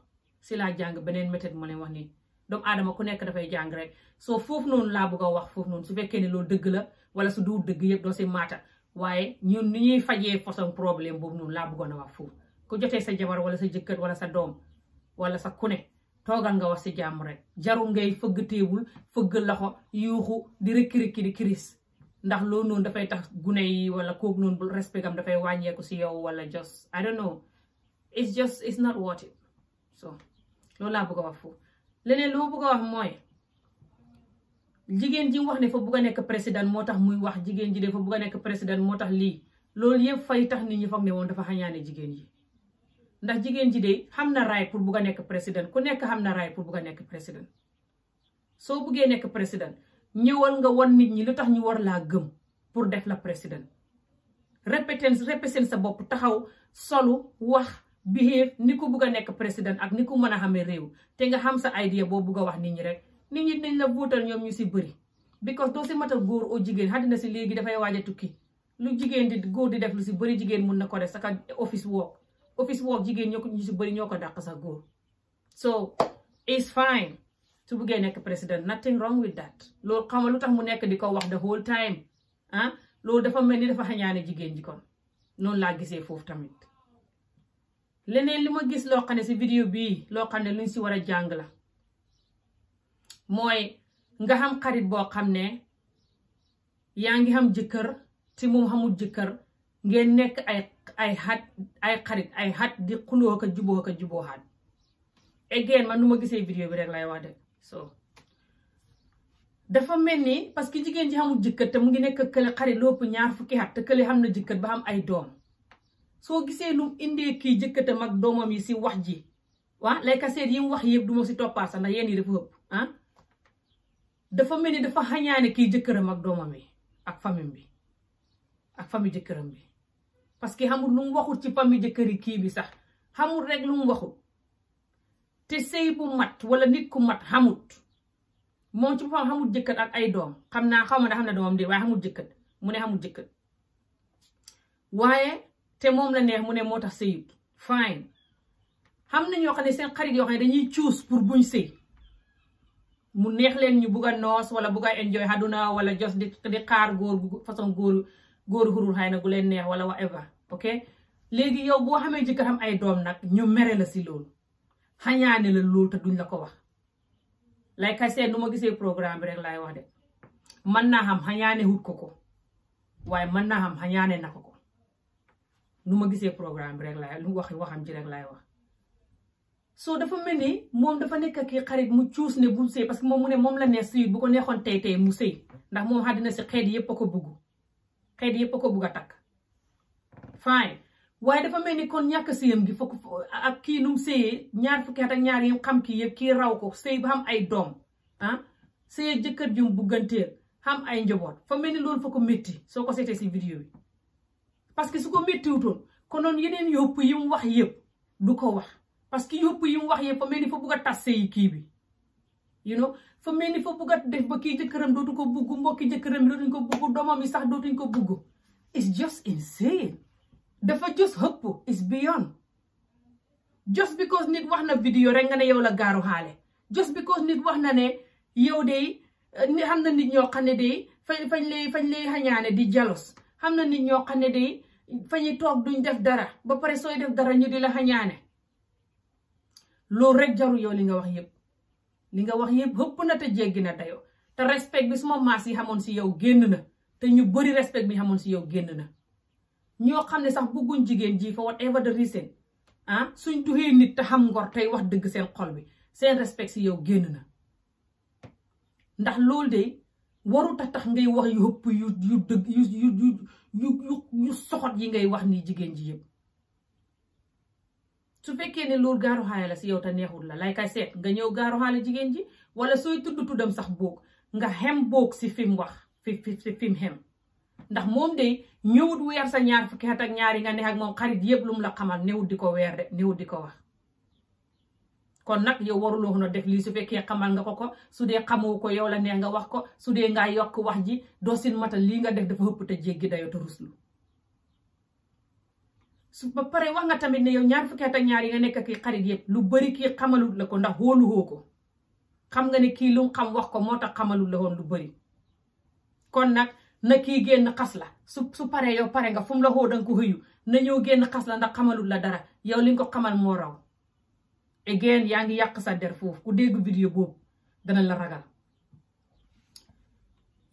si laa jàng beneen méthode ma leen wax nii doomu aadama ku nekk dafay jàng rek soo foofu noonu laa bëgg a wax foofu noonu su fekkee ne loolu dëgg la wala su du dëgg yëpp doo si maata waaye ñun ni ñuy fajee façon problème boobu noonu laa bëggoon a wax foofu ku jotee sa jabar wala sa jëkkër wala sa doom wala sa ku ne toogal nga wax si jàmm rek jarul ngay fëgg teewul fëgg loxo yuuxu di rëkki-rëkki di kiriis ndax loolu noonu dafay tax gune yi wala kooku noonu bu respect am dafay wàññeeku si yow wala just I don't know it's just leneen lu ma bëgg a wax mooy jigéen ji wax ne fa bëgg a nekk président moo tax muy wax jigéen ji dafa bëgg a nekk président moo tax lii loolu yëpp fay tax nit ñi foog ne woon dafa xañaane jigéen yi ndax jigéen ji xam na raay pour bëgg a nekk président ku nekk xam na raay pour bëgg a nekk président soo bëggee nekk président ñëwal nga wan nit ñi lu tax ñu war laa gëm pour def la président répété répété sa bopp taxaw solu wax. behave ni ku bugg a nekk président ak ni ku mën a xamee réew te nga xam sa idea boo bugg a wax nit ñi rek nit ñi dañ la votal ñoom ñu si bëri because doo si matal góor o jigéen àddina si léegi dafay waaj a tukki lu jigéen di góor di def lu si bëri jigéen mun na ko def saka office work office work jigéen ñoo ko ñu si bëri ñoo ko dàq sax góor so it's fine su buggee nekk président nothing wrong with that loolu xam lu tax mu nekk di ko wax the whole time ah loolu dafa mel ni dafa xañaane jigéen ji kon noonu laa gisee foofu tamit leneen li ma gis loo xam ne si vidéo bii loo xam ne luñ si war a jàng la mooy nga xam xarit boo xam ne yaa ngi xam jëkkër te moom xamul jëkkër ngeen nekk ay xat ay xarit ay xat di xuloo ko juboo ko juboo xaat again man nu ma gisee vidéo bi rek lay wax de so dafa mel ni parce que jigéen ji xamul jëkkër te mu ngi nekk kële xarit lopp ñaar fukki xat te kële xam na jëkkër ba xam ay doom soo gisee lum indee kii jëkkatam ak doomam yi si wax ji waa lay kaseet yi mu wax yëpp du ma si toppaat sax ndax yéen yi dafa ëpp ah dafa mel ni dafa xañaane kii jëkkëram ak doomam yi ak famille bi ak famille jëkkëram bi parce que xamul lu mu waxul ci famille jëkkëri kii bi sax xamul rek lu mu waxul te sëy mat wala nit ku mat xamut moom ci boppam xamul jëkkër ak ay doom xam naa xaw ma da xam ne doomam de waaye xamul jëkkër mu ne xamul jëkkër waaye te moom la neex mu ne moo tax sëyut fine xam na ñoo xam ne seen xarit yoo xam ne dañuy choose pour buñ sëy mu neex leen ñu bugg a noos wala bugg a enjoy haduna wala jos di di xaar góor gu façon góor góor xurul xay na gu leen neex wala whatever ok léegi yow boo xamee jëkkër am ay doom nag ñu mere la si loolu xañaane la loolu te duñ la ko wax lay kay seet nu ma gisee programme bi rek laay wax de mën naa xam xañaane wut ko ko waaye mën naa xam xañaane na nu ma gisee programme bi rek laay lu wax waxam ji rek laay wax soo dafa mel ni moom dafa nekk kii xarit mu cuus ne bu sëy parce que moom mu ne moom la neex sëy bu ko neexoon tey mu sëy ndax moom àddina si xeet yëpp a ko bugg xeet yëpp a ko bugg a takk fine waaye dafa mel ni kon ñàkk sëyam gi fokk ak kii nu mu ñaar fukki at ak ñaar yi xam kii yëpp kii raw ko sëy ba am ay doom ah sëyee jëkkër jum bugganteel xam ay njaboot fa mel ni loolu fa ko métti soo ko seetee si vidéo bi parce que su ko méttiwutoon konoon yeneen yópp yi mu wax yëpp du ko wax parce que yópp yi mu wax yëpp fa mel ni fa bugg a tasse yi kii bi you know fa mel ni fa bugg a def ba kii jëkkëram dootu ko bugg mbokki jëkkëram dootuñ ko bugg doomam yi sax dootuñ ko bugg it's just insane dafa just hëpp it's beyond just because nit wax na vidéo rek nga yow la gaaru xaale just because nit wax na ne yow de xam na nit ñoo xam ne de fañ fañ lay fañ lay xañaane di jalos xam na nit ñoo xam ne de fa ñuy toog duñ def dara ba pare sooy def dara ñu di la xañaane loolu rek jaru yow li nga wax yëpp li nga wax yëpp hëpp na te jéggi na dayoo te respect bi suma maas yi xamoon si yow génn na te ñu bëri respect bi xamoon si yow génn na ñoo xam ne sax bëgguñ jigéen ji fa whatever the reason ah suñ tuxee nit te xam ngor tey wax dëgg seen xol bi seen respect si yow génn na ndax loolu de warut ta tax ngay wax yu ëpp yu yu dëgg yu yi ngay wax ni jigéen ji yëpp su fekkee ne loolu gaaru xaale la si yow te neexul la lay kay seet nga ñëw gaaru xaale jigéen ji wala sooy tudd tuddam sax boog nga xem boog si fi mu wax fi fi xem ndax moom de ñëwut weer sa ñaar fukki at ñaari nga neex ak moom xarit yëpp lu la xamal newut di ko weer de newut di ko wax kon nag yow waruloo woon a def lii su fekkee xamal nga ko ko su dee xamoo ko yow la nee nga wax ko su dee ngaa yokk wax ji doo sin matal lii nga def dafa ëpp te jéggi dayoo te ruslu su ba pare wax nga tamit ne yow ñaar fukki at ñaar yi nga nekk kii xarit yëpp lu bari kii xamalut la ko ndax wóoluwoo ko xam nga ne kii lu xam wax ko moo tax xamalut la woon lu bari kon nag na kii génn xas la su su paree yow pare nga fu la xoo danga ko xëyu na ñëw génn xas la ndax xamalut la dara yow li ko xamal moo raw again yaa ngi yàq sa der foofu ku dégg vidéo boobu dana la ragal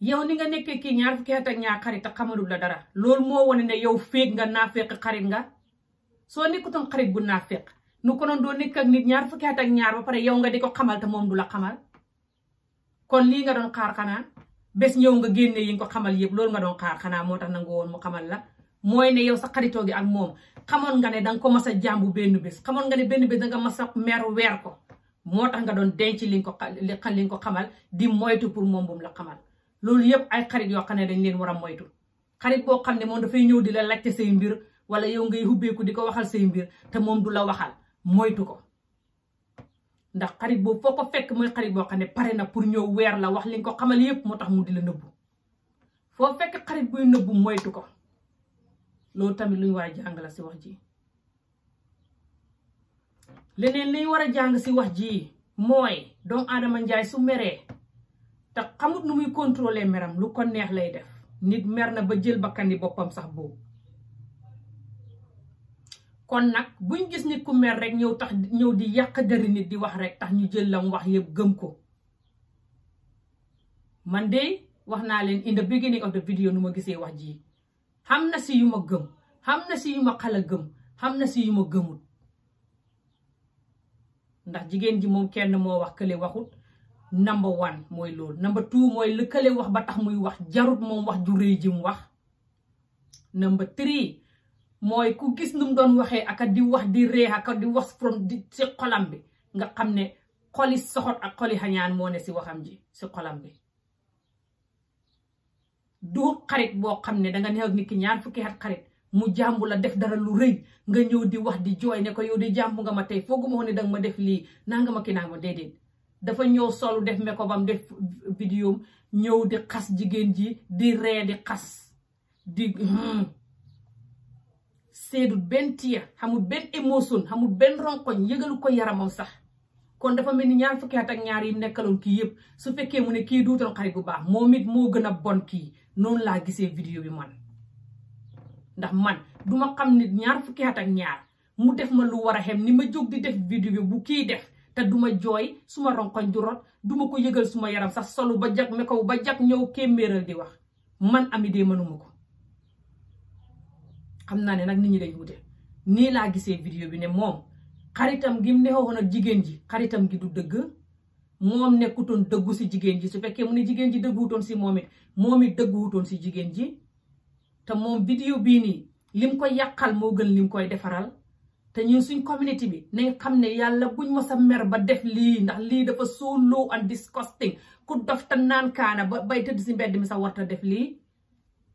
yow ni nga nekke kii ñaar fukki at ak ñaar xarit xamalul la dara loolu moo wane ne yow féeg nga naafeq xarit nga soo nekkutoon xarit bu naafeq nu konoon doo nekk ak nit ñaar fukki at ak ñaar ba pare yow nga di ko xamal te moom du la xamal kon lii nga doon xaar xanaa bés ñëw nga génne yi nga ko xamal yëpp loolu nga doon xaar xanaa moo tax nangu woon mu xamal la mooy ne yow sa xaritoo gi ak moom xamoon nga ne danga ko mas a jàmbu benn bés xamoon nga ne benn bés danga mas a mer weer ko moo tax nga doon denc li nga ko li nga ko xamal di moytu pour moom bu la xamal loolu yëpp ay xarit yoo xam ne dañ leen war a moytu xarit boo xam ne moom dafay ñëw di la laajte say mbir wala yow ngay hubbeeku di ko waxal say mbir te moom du la waxal moytu ko ndax xarit boobu foo ko fekk mooy xarit boo xam ne pare na pour ñëw weer la wax li nga ko xamal yëpp moo tax mu di la nëbbu foo fekk xarit buy nëbbu moytu ko. loolu tamit lu ñu war a jàng la si wax ji leneen li war a jàng si wax ji mooy doomu aadama njaay su meree te xamut nu muy contrôler meram lu ko neex lay def nit mer na ba jël bakkandi boppam sax boobu kon nag buñ gis nit ku mer rek ñëw tax ñëw di yàq dari nit di wax rek tax ñu jël lam wax yëpp gëm ko man de wax naa leen in the beginning of the video nu ma gisee wax ji xam na si yu ma gëm xam na si yu ma xala gëm xam na si yu ma gëmut ndax jigéen ji moom kenn moo wax kële waxut number one mooy loolu number two mooy li wax ba tax muy wax jarut moom wax ju rëy ji mu wax number three mooy ku gis nu mu doon waxee aka di wax di ree aka di wax from di si xolam bi nga xam ne xoli soxot ak xoli xañaan moo ne si waxam ji si xolam bi du xarit boo xam ne danga neew nit ki ñaar fukki at xarit mu jàmbu la def dara lu rëy nga ñëw di wax di jooy ne ko yow di jàmbu nga ma tey fooguma woon ne danga ma def lii nanga ma ki naa ma déedéet dafa ñëw solu def me ko bam def vidéom ñëw di xas jigéen ji di ree di xas di hmm. seedut benn tiya xamu benn émotion xamul benn ronkoñ yëgalu ko yaramam sax kon dafa mel ni ñaar fukki at ñaar yi nekkaloon kii yëpp su fekkee mu ne kii duutal xarit bu baax moom it moo gën a bon kii noonu laa gisee vidéo bi man ndax man duma xam nit ñaar fukki at ak ñaar mu def ma lu war a ni ma jóg di def vidéo bi bu kii def te duma jooy suma ronkoñ du rot duma ko yëgal suma yaram sax solu ba jag mekaw ba jag ñëw kémméeral di wax man Amie Dee mënuma ko xam naa ne nag nit ñi dañ wute nii laa gisee vidéo bi ne moom xaritam gi mu neexoon jigéen ji xaritam gi du dëgg moom nekkutoon dëggu si jigéen ji su fekkee mu ne jigéen ji dëgguwutoon si moom it moom it dëgguwutoon si jigéen ji te moom vidéo bii nii lim ko yàqal moo gën lim koy defaral te ñun suñ community bi nañ xam ne yàlla buñ ma sa mer ba def lii ndax lii dafa so low and disgusting ku dof te naan kaana ba bay tëdd si mbedd mi sa warta def lii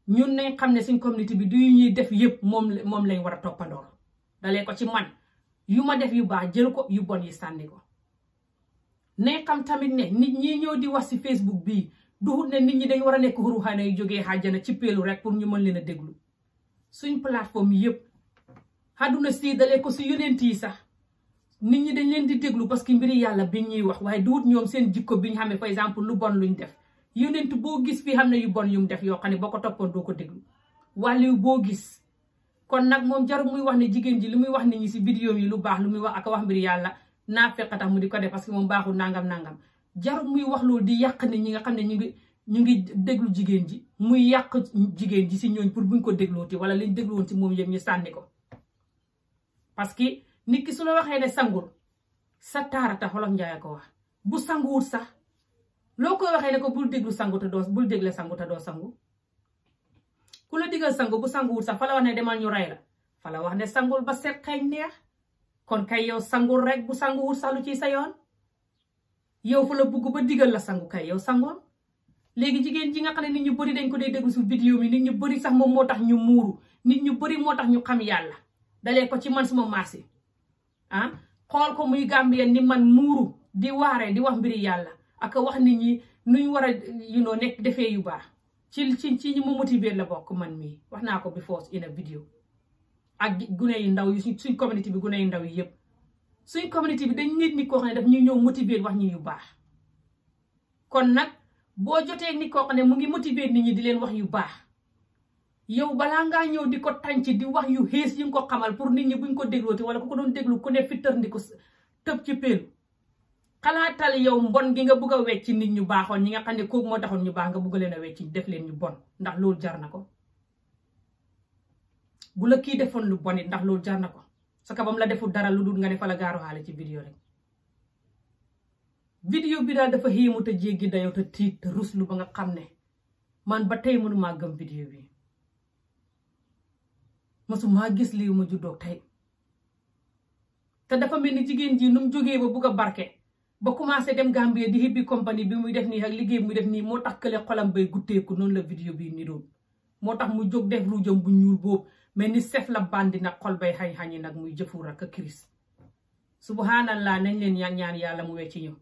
ñun nañ xam ne suñ community bi du yu ñuy def yëpp moom moom lañ war a toppandoor dalee ko ci man yu ma def yu baax jël ko yu bon yi sànni ko ne xam tamit ne nit ñi ñëw di wax si Facebook bii duhut ne nit ñi dañ war a nekk xuruxaane yu jógee xaajana ci peelu rek pour ñu mën leen a déglu suñ plateforme yi yëpp àdduna si dalee ko si yonent yi sax nit ñi dañ leen di déglu parce que mbiri yàlla bi ñuy wax waaye duhut ñoom seen jikko bi ñu xamee par exemple lu bon luñ def yonent boo gis fii xam ne yu bon yu mu def yoo xam ne boo ko toppoon doo ko déglu wàllu boo gis kon nag moom jarul muy wax ne jigéen ji li muy wax nit ñi si vidéo yi lu baax lu muy wax ak wax mbiri yàlla naa fekk tax mu di ko def parce que moom baaxul nangam nangam jarul muy wax loolu di yàq ni ñi nga xam ne ñu ngi ñu ngi déglu jigéen ji muy yàq jigéen ji si ñooñ pour buñ ko déglooti wala liñ dégluwoon si moom yëpp ñu sànni ko parce que nit ki su la waxee ne sangul sa taarata xolof njaay ko wax bu sanguwut sax loo koy waxee ne ko bul déglu sangu te doo bul dégle sangu doo sangu ku la digal sangu bu sanguwut sax fa la wax ne demal ñu rey la fa la wax ne sangul ba set xeeñ neex kon kay yow sangul rek bu sanguwul saxlu ci sa yoon yow fu la bugg ba digal la sangu kay yow sangoon léegi jigéen ji nga xam ne nit ñu bari dañ ko dee déglu su vidéo mi nit ñu bëri sax moom moo tax ñu muuru nit ñu bëri moo tax ñu xam yàlla dalee ko ci man suma marché ah xool ko muy gàmbiyeen ni man muuru di waare di wax mbiri yàlla ak wax nit ñi nuñ war a you know nekk defee yu baax ci ci ci ñu ma motiver la bokk man mii wax naa ko bi force in a vidéo ak gune yu ndaw yi suñ communauté bi gune yu ndaw yi yëpp suñ communauté bi dañ nit nit koo xam ne daf ñuy ñëw motiver wax ñu yu baax kon nag boo jotee nit koo xam ne mu ngi motiver nit ñi di leen wax yu baax yow balaa ngaa ñëw di ko tànc di wax yu xiis yi nga ko xamal pour nit ñi buñ ko déglooti wala ku ko doon déglu ko ne fi tër ndi ko tëb ci péelu xalaatal yow mbon gi nga bugg a wecc nit ñu baaxoon ñi nga xam ne kooku moo taxoon ñu baax nga bugg leen a wecc def leen ñu bon ndax loolu jar na ko bu la kii defoon lu bonit ndax loolu jar na ko sa ka bam la deful dara lu dul nga ne a la gaaru xaale ci vidéo rek vidéo bi daal dafa xiimu te jéggi dayoo te tiit te ba nga xam ne man ba tey mënumaa gëm vidéo bi masumaa gis lii ma juddoo tey te dafa mel ni jigéen ji nu mu jógee ba bugg a barke ba commencé dem Gambie di hibbi compagnie bi muy def nii ak def nii moo tax kële xolam bay gutteeku noonu la vidéo bi niroon moo tax mu jóg def ruujam bu ñuul boobu mais ni sef la bandi nag xol bay xañ-xañi nag muy jëfuur ak a kiris subhanallah nañ leen ñaan ñaan yàlla mu wecci ñu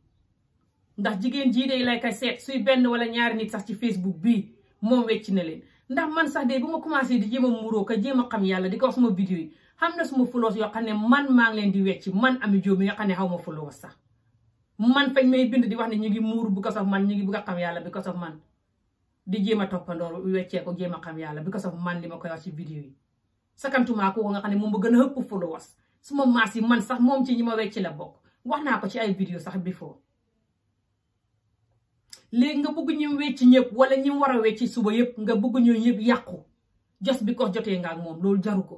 ndax jigéen jii day lay kay suy benn wala ñaari nit sax ci facebook bii moom wecci na leen ndax man sax de bu ma commencé di jéem a muuroo ka jéem a xam yàlla di ko suma vidéo yi xam na suma followers yoo xam ne man maa ngi leen di wecci man Amie Jobe mi nga xam ne xaw ma followers sax man fañ may bind di wax ne ñu ngi muuru bu ko sof man ñu ngi bëgg a xam yàlla bi ko sof man di jéem a toppandoo weccee ko jéem a xam yàlla bi ko sof man li ma sakantumaa kooku nga xam ne moom ma gën a ëpp followers suma maas yi man sax moom ci ñi ma wecc la bokk wax naa ko ci ay vidéo sax before léegi nga bëgg ñu wecc ñëpp wala ñi war a wecc suba yëpp nga bëgg ñoo ñëpp yàqu jos bi ko jotee nga ak moom loolu jaru ko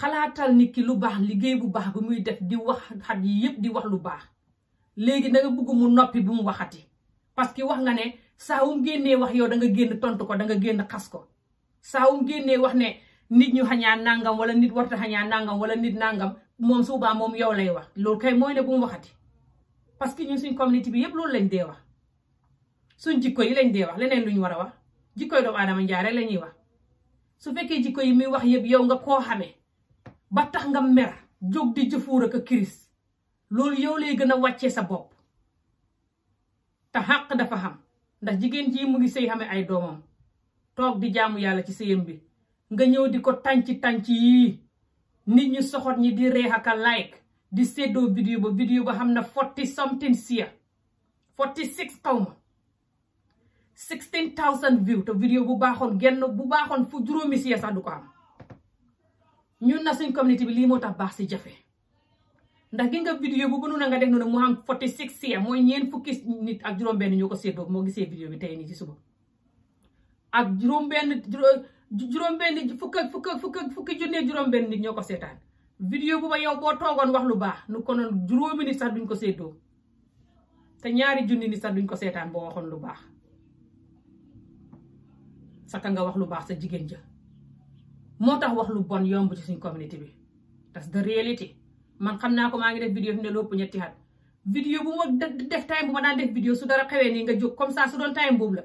xalaatal nit ki lu baax liggéey bu baax bi muy def di wax xat yi yëpp di wax lu baax léegi da nga bëgg mu noppi bu mu waxati parce que wax nga ne saa wu génnee wax yow da nga génn tontu ko da nga génn xas ko saa wu génnee wax ne nit ñu xañaan nangam wala nit warta xañaan nangam wala nit nangam moom suubaa moom yow lay wax loolu kay mooy ne bu mu waxati parce que ñun suñ communauté bi yëpp loolu lañ dee wax suñ jikko yi lañ dee wax leneen luñ war a wax jikko yi doomu aadama njaare la ñuy wax su fekkee jikko yi muy wax yëpp yow nga koo xamee ba tax nga mer jóg di jëfuur ak a kiris loolu yow lay gën a wàccee sa bopp te xàq dafa xam ndax jigéen ji mu ngi sëy xame ay doomam toog di jaamu yàlla ci sëyam bi nga ñëw di ko tànc tànc yii nit ñu soxot ñi di reex aka like di séddoo vidéo ba vidéo ba xam na forty something sia forty six taw ma sixteen thousand view te vidéo bu baaxoon genn bu baaxoon fu juróomi sia sax du ko am ñun na suñ bi lii moo tax baax si jafe ndax gi nga vidéo bu bënu nga def noonu mu am forty six sia mooy ñeen fukki nit ak juróom benn ñoo ko séddoo moo gisee vidéo bi tey nii ci ak juróom-benn juróom-benn fukk ak fukk ak fukk ak fukki junne juróom-benn nit ñoo ko seetaan vidéo bu ma yow boo toogoon wax lu baax nu konoon juróomi nit sax duñ ko seetoo te ñaari junni nit sax duñ ko seetaan boo waxoon lu baax saka nga wax lu baax sa jigéen ja moo tax wax lu bon yomb ci suñ communauté bi that's the reality man xam naa ko maa ngi def vidéo fi ne lopp ñetti at vidéo bu ma def time bu ma daan def vidéo su dara xewee nii nga jóg comme ça su doon time boobu la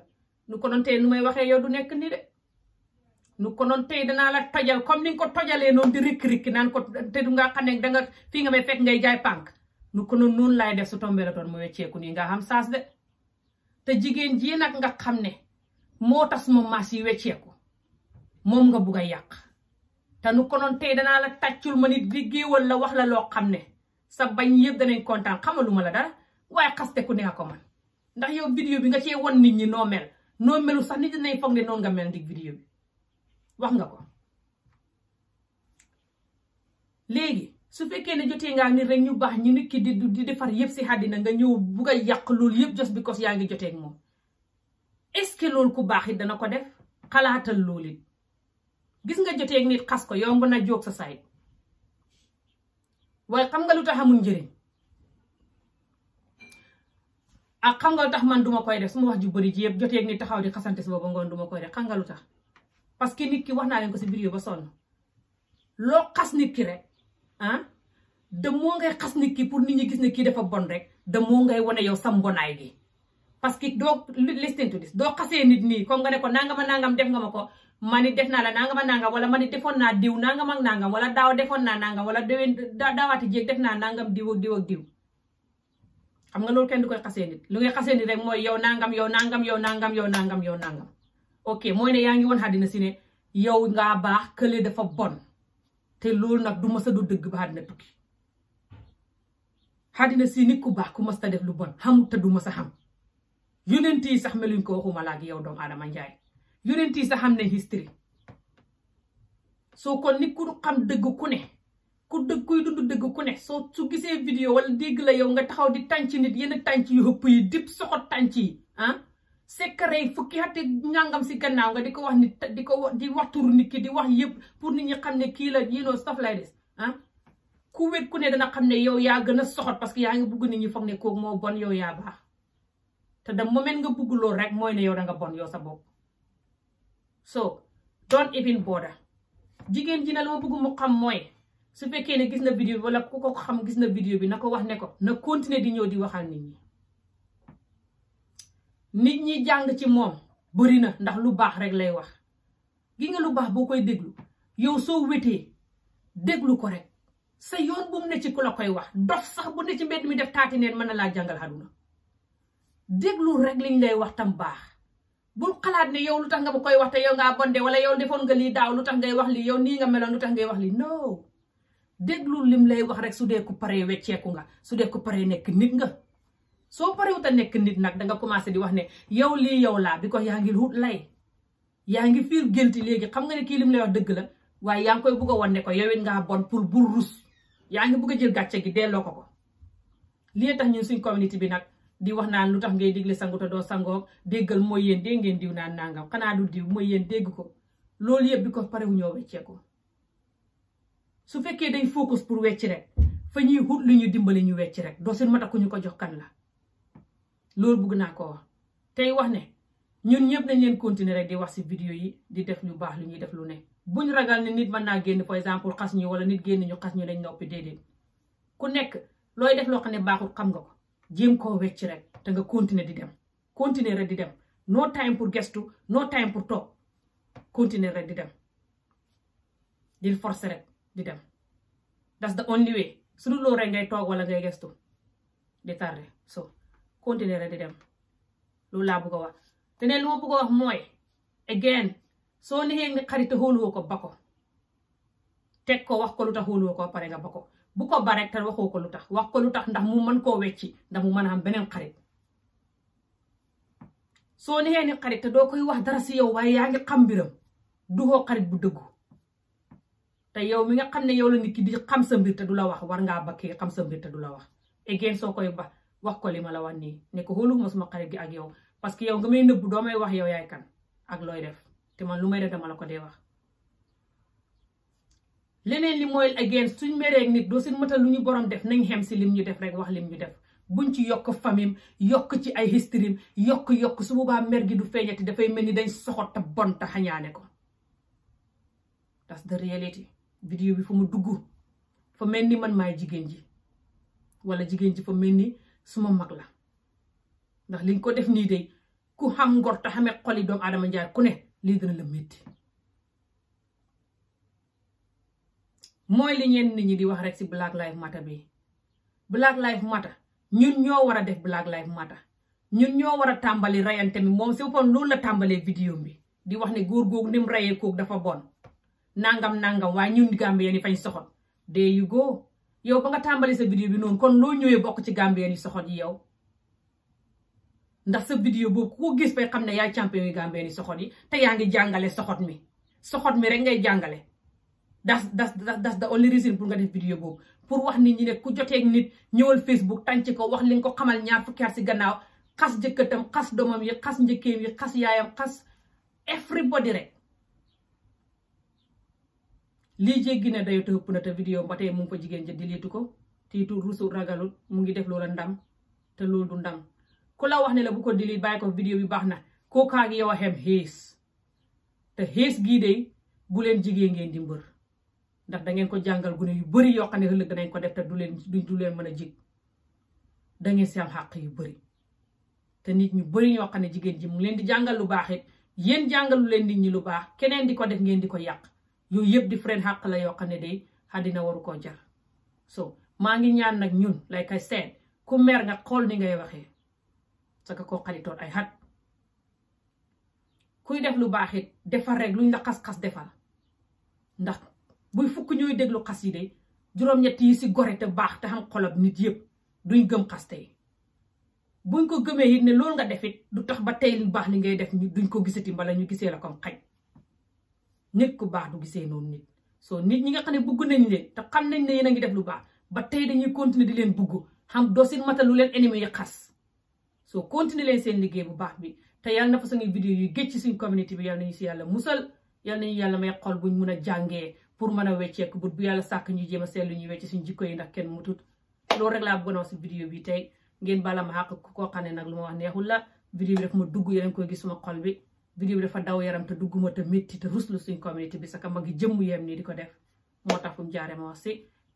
nu ko doon tey nu may waxee yow du nekk nii de nu ko doon tey danaa la tojal comme ni ko tojalee noonu di rikki naan ko te du nga xam ne danga fii nga may fekk ngay jaay pànk nu ko noonu noonu laay def su tombé la doon mu wecceeku nii nga xam saas de te jigéen jii nag nga xam ne moo tax ma maas yi wecceeku moom nga bugg a yàq te nu konoon tey danaa la tàccul ma nit di géewal la wax la loo xam ne sa bañ yëpp danañ kontaan xamaluma la dara waaye xaste ku neex ko man ndax yow vidéo bi nga cee won nit ñi noo mel noo melu sax nit dinañ foog ne noonu nga mel ndig vidéo bi wax nga ko léegi su fekkee ne jotee ngaa nit rek ñu baax ñu nit ki di di defar yëpp si àddina nga ñëw bugg a yàq loolu yëpp jos bi yaa ngi joteek moom est-ce ku baax yi dana ko def xalaatal loolu gis nga joteek ak nit xas ko yomb na jóg sa saay waaye xam nga lu tax amul njëriñ ak xam nga tax man duma koy def su ma wax ju bëri ji yëpp joteeg ni taxaw di xasante si booba ngoon duma koy def parce que nit ki wax naa leen ko si ba sonn loo xas ni kii rek ah de moo ngay ki pour nit ñi gis ne kii dafa bon rek de moo ngay wane yow sa mbonaay gi parce que doo listen to this doo xasee nit nii comme nga ne ko nangama nangam def nga ma ko ma ni def naa la nangama nangam wala ma ni defoon naa diw nangam ak nangam wala daaw defoon naa nangam wala déwén daawaati jéeg def naa nangam diw ak diw ak diw xam nga loolu kenn di koy xasee nit lu ngay xasee nit rek mooy yow nangam yow nangam yow nangam yow nangam yow nangam ok mooy ne yaa ngi woon àddina si ne yow ngaa baax kële dafa bon te loolu nag du mës a dëgg ba àddina tukki àddina si nit ku baax ku mës a def lu bon xamut te du mës a xam yonent sax meluñ ko waxuma laa ak yow doomu aadama njaay yonent yi sax xam ne history soo kon nit ku xam dëgg ku ne. ku dëgg kuy dund dëgg ku ne soo su gisee vidéo wala dégg la yow nga taxaw di tànc nit yenn tànc yu hëpp yi dip soxot tànc yi ah secret yi fukki xati ñàngam si gannaaw nga di ko wax nit di ko di waxtur nit ki di wax yëpp pour nit ñi xam ne kii la yénoo saf lay ku wét ku ne dana xam ne yow yaa gën a soxot parce que yaa ngi bugg nit ñi foog ne kooku moo bon yow yaa baax te da moment nga bugg loolu rek mooy ne yow da nga bon yow sa bopp so don't even bëgg mu xam mooy su fekkee ne gis na vidéo bi wala ku ko xam gis na vidéo bi na ko wax ne ko na continuer di ñëw di waxal nit ñi nit ñi jàng ci moom bëri na ndax lu baax rek lay wax gi nga lu baax boo koy déglu yow soo wétee déglu ko rek sa yoon bu mu ci ku la koy wax dof sax bu ne ci mbedd mi def taati neen mën na laa jàngal àdduna déglu rek liñ lay wax tam baax bul xalaat ne yow lu tax nga bu koy wax te yow ngaa bonde wala yow defoon nga lii daaw lu tax ngay wax lii yow nii nga meloon tax ngay wax lii non déglu lim lay wax rek su dee ku paree wecceeku nga su dee ku paree nekk nit nga soo parewut a nekk nit nag nga commencé di wax ne yow lii yow laa bi ko yaa ngi wut lay yaa ngi fiir génti léegi xam nga ne kii lim lay wax dëgg la waaye yaa ngi koy bugg a wan ne ko yow it bon pour bul yaa ngi bugg jël gàcce gi delloo ko ko lii tax ñun suñ communauté bi nag di wax naan lu tax ngay digle sangu te doo sangoo déggal mooy yéen dégg ngeen diw naan nangam xanaa du diw mooy yéen dégg ko loolu yëpp bi ko pare wu ñoo ko su fekkee dañ focus pour wecc rek fa ñuy xut lu ñu dimbali ñu wecc rek doo seen ma takku ñu ko jox kan la loolu bugg naa ko wax tey wax ne ñun ñëpp dañ leen continuer rek di wax si vidéo yi di def lu baax lu ñuy def lu ne buñ ragal ne nit mën naa génn par exemple xas ñi wala nit génn ñu xas ñu lañ noppi déedéet ku nekk looy def loo xam ne baaxul xam nga ko jéem koo wecc rek te nga continuer di dem continuer rek di dem no time pour gestu no time pour toog continuer rek di dem di forcer di dem that's the only way su dul loolu rek ngay toog wala ngay gestu di tarde so continuer di dem lu laa bëgg a wax teneen ne lu ma bëgg a wax mooy again soo nexee nga xarite xóoluwoo ko ba teg ko wax ko lu tax xóoluwoo ko pare nga ba ko bu ko ba rek te waxoo ko lu tax wax ko lu tax ndax mu mën koo wecci ndax mu mën a am beneen xarit soo nexee ni xarit te doo koy wax dara si yow waaye yaa ngi xam mbiram du xoo xarit bu dëggu te yow mi nga xam ne yow la nit ki di xam sa mbir te du la wax war ngaa bakkee xam sa mbir te la wax egeen soo koy ba wax ko li ma la wax nii nekk ko lu ma suma xarit gi ak yow parce que yow nga may nëbbu doo may wax yow yaay kan ak looy def te man lu may def dama la ko dee wax leneen li mooy again suñ mereeg nit doo seen matal lu ñu borom def nañ xem si lim ñu def rek wax lim ñu def buñ ci yokk famim yokk ci ay histirim yokk yokk su boobaa mer gi du feeñati dafay mel ni dañ soxot te bon te xañaane ko that's the vidéo bi fa ma dugg fa mel ni man maay jigéen ji wala jigéen ji fa mel ni suma mag la ndax liñ ko def nii de ku xam ngor te xamee xoli doomu aadama njaay ku ne lii dina la métti mooy li ñeen nit ñi di wax rek si Black Lives Matter bi Black Lives Matter ñun ñoo war def Black Lives Matter ñun ñoo war a tàmbali rayante mi moom si boppam loolu la tàmbalee vidéo bi di wax ne góor googu ni mu rayee dafa bon nangam nangam waaye ñun Gambien yi fañ soxot there you go yow ba nga tàmbali sa vidéo bi noonu kon loo ñëwee bokk ci Gambien yi soxot yi yow ndax sa vidéo boobu ko gis fay xam ne yaay champion yi Gambien yi soxot yi te yaa ngi jàngale soxot mi soxot mi rek ngay jàngale das das das da only reason pour nga def vidéo boobu pour wax ni ñi ne ku jotee ak nit ñëwal Facebook tànc ko wax li nga ko xamal ñaar fukki at si gannaaw xas jëkkëtam xas doomam yi kas njëkkeem yi yaayam xas everybody rek lii jéggi na dayo te ëpp na te vidéo ba tey mu ngi ko jigéen ja ko tiitu rusu ragalut mu ngi def loola ndam te loolu du ndam ku la wax ne la bu ko diliit bàyyi ko vidéo bi baax na kookaa ngi yow a xem xiis te xiis gii de gu leen jigée ngeen di mbër ndax dangeen ko jàngal gune yu bari yoo xam ne ëllëg danañ ko def te du leen du leen mën a jig dangeen si am xàq yu bari te nit ñu bari ñoo xam ne jigéen ji mu leen di jàngal lu baax it yéen jàngalu leen nit ñi lu baax keneen di ko def ngeen di ko yàq yooyu yëpp di freen xàq la yoo xam ne day àddina waru koo jar so maa ngi ñaan nag ñun lay I said ku mer nga xool ni ngay waxee saka koo xalitoon ay xat kuy def lu baax it defal rek luñ la xas-xas defal ndax buy fukk ñuy déglu xas yi de juróom-ñett si gore te baax te xam xolab nit yëpp duñ gëm xas te buñ ko gëmee it ne loolu nga def it du tax ba tey lu baax li ngay def duñ ko gisati mbala ñu gisee la comme xaj nit ku baax du gisee noonu nit soo nit ñi nga xam ne bugg nañ leen te xam nañ ne yéen a ngi def lu baax ba tey dañuy continuer di leen bugg xam dosin matal lu leen ennemi yi xas soo continuer leen seen liggéey bu baax bi te yàlla na fa suñu vidéo yu géej ci suñ communauté bi yàlla ñu si yàlla musal yàlla nañu yàlla may xol buñ mun a jàngee pour mën a wecceeku but bu yàlla sàkk ñu jéem a seetlu ñuy wecce suñ jikko yi ndax kenn mutut loolu rek laa bëggoon si vidéo bi tey ngeen bala ma xàq koo xam ne nag lu ma wax la vidéo ma dugg yeneen koy gis suma xol bi vidéo bi dafa daw yaram te dugguma te métti te ruslu suñ communauté bi sa ka magi jëmm yem nii di ko def moo tax fu mu jaare ma wax si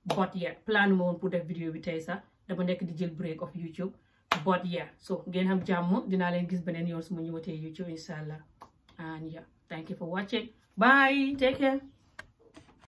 bot yeer plan woon pour def vidéo bi tey sax dama nekk di jël break of YouTube bot yeer so ngeen xam jàmm dinaa leen gis beneen yoon su ma ñëwatee YouTube incha allah and yeah thank you for watching bye take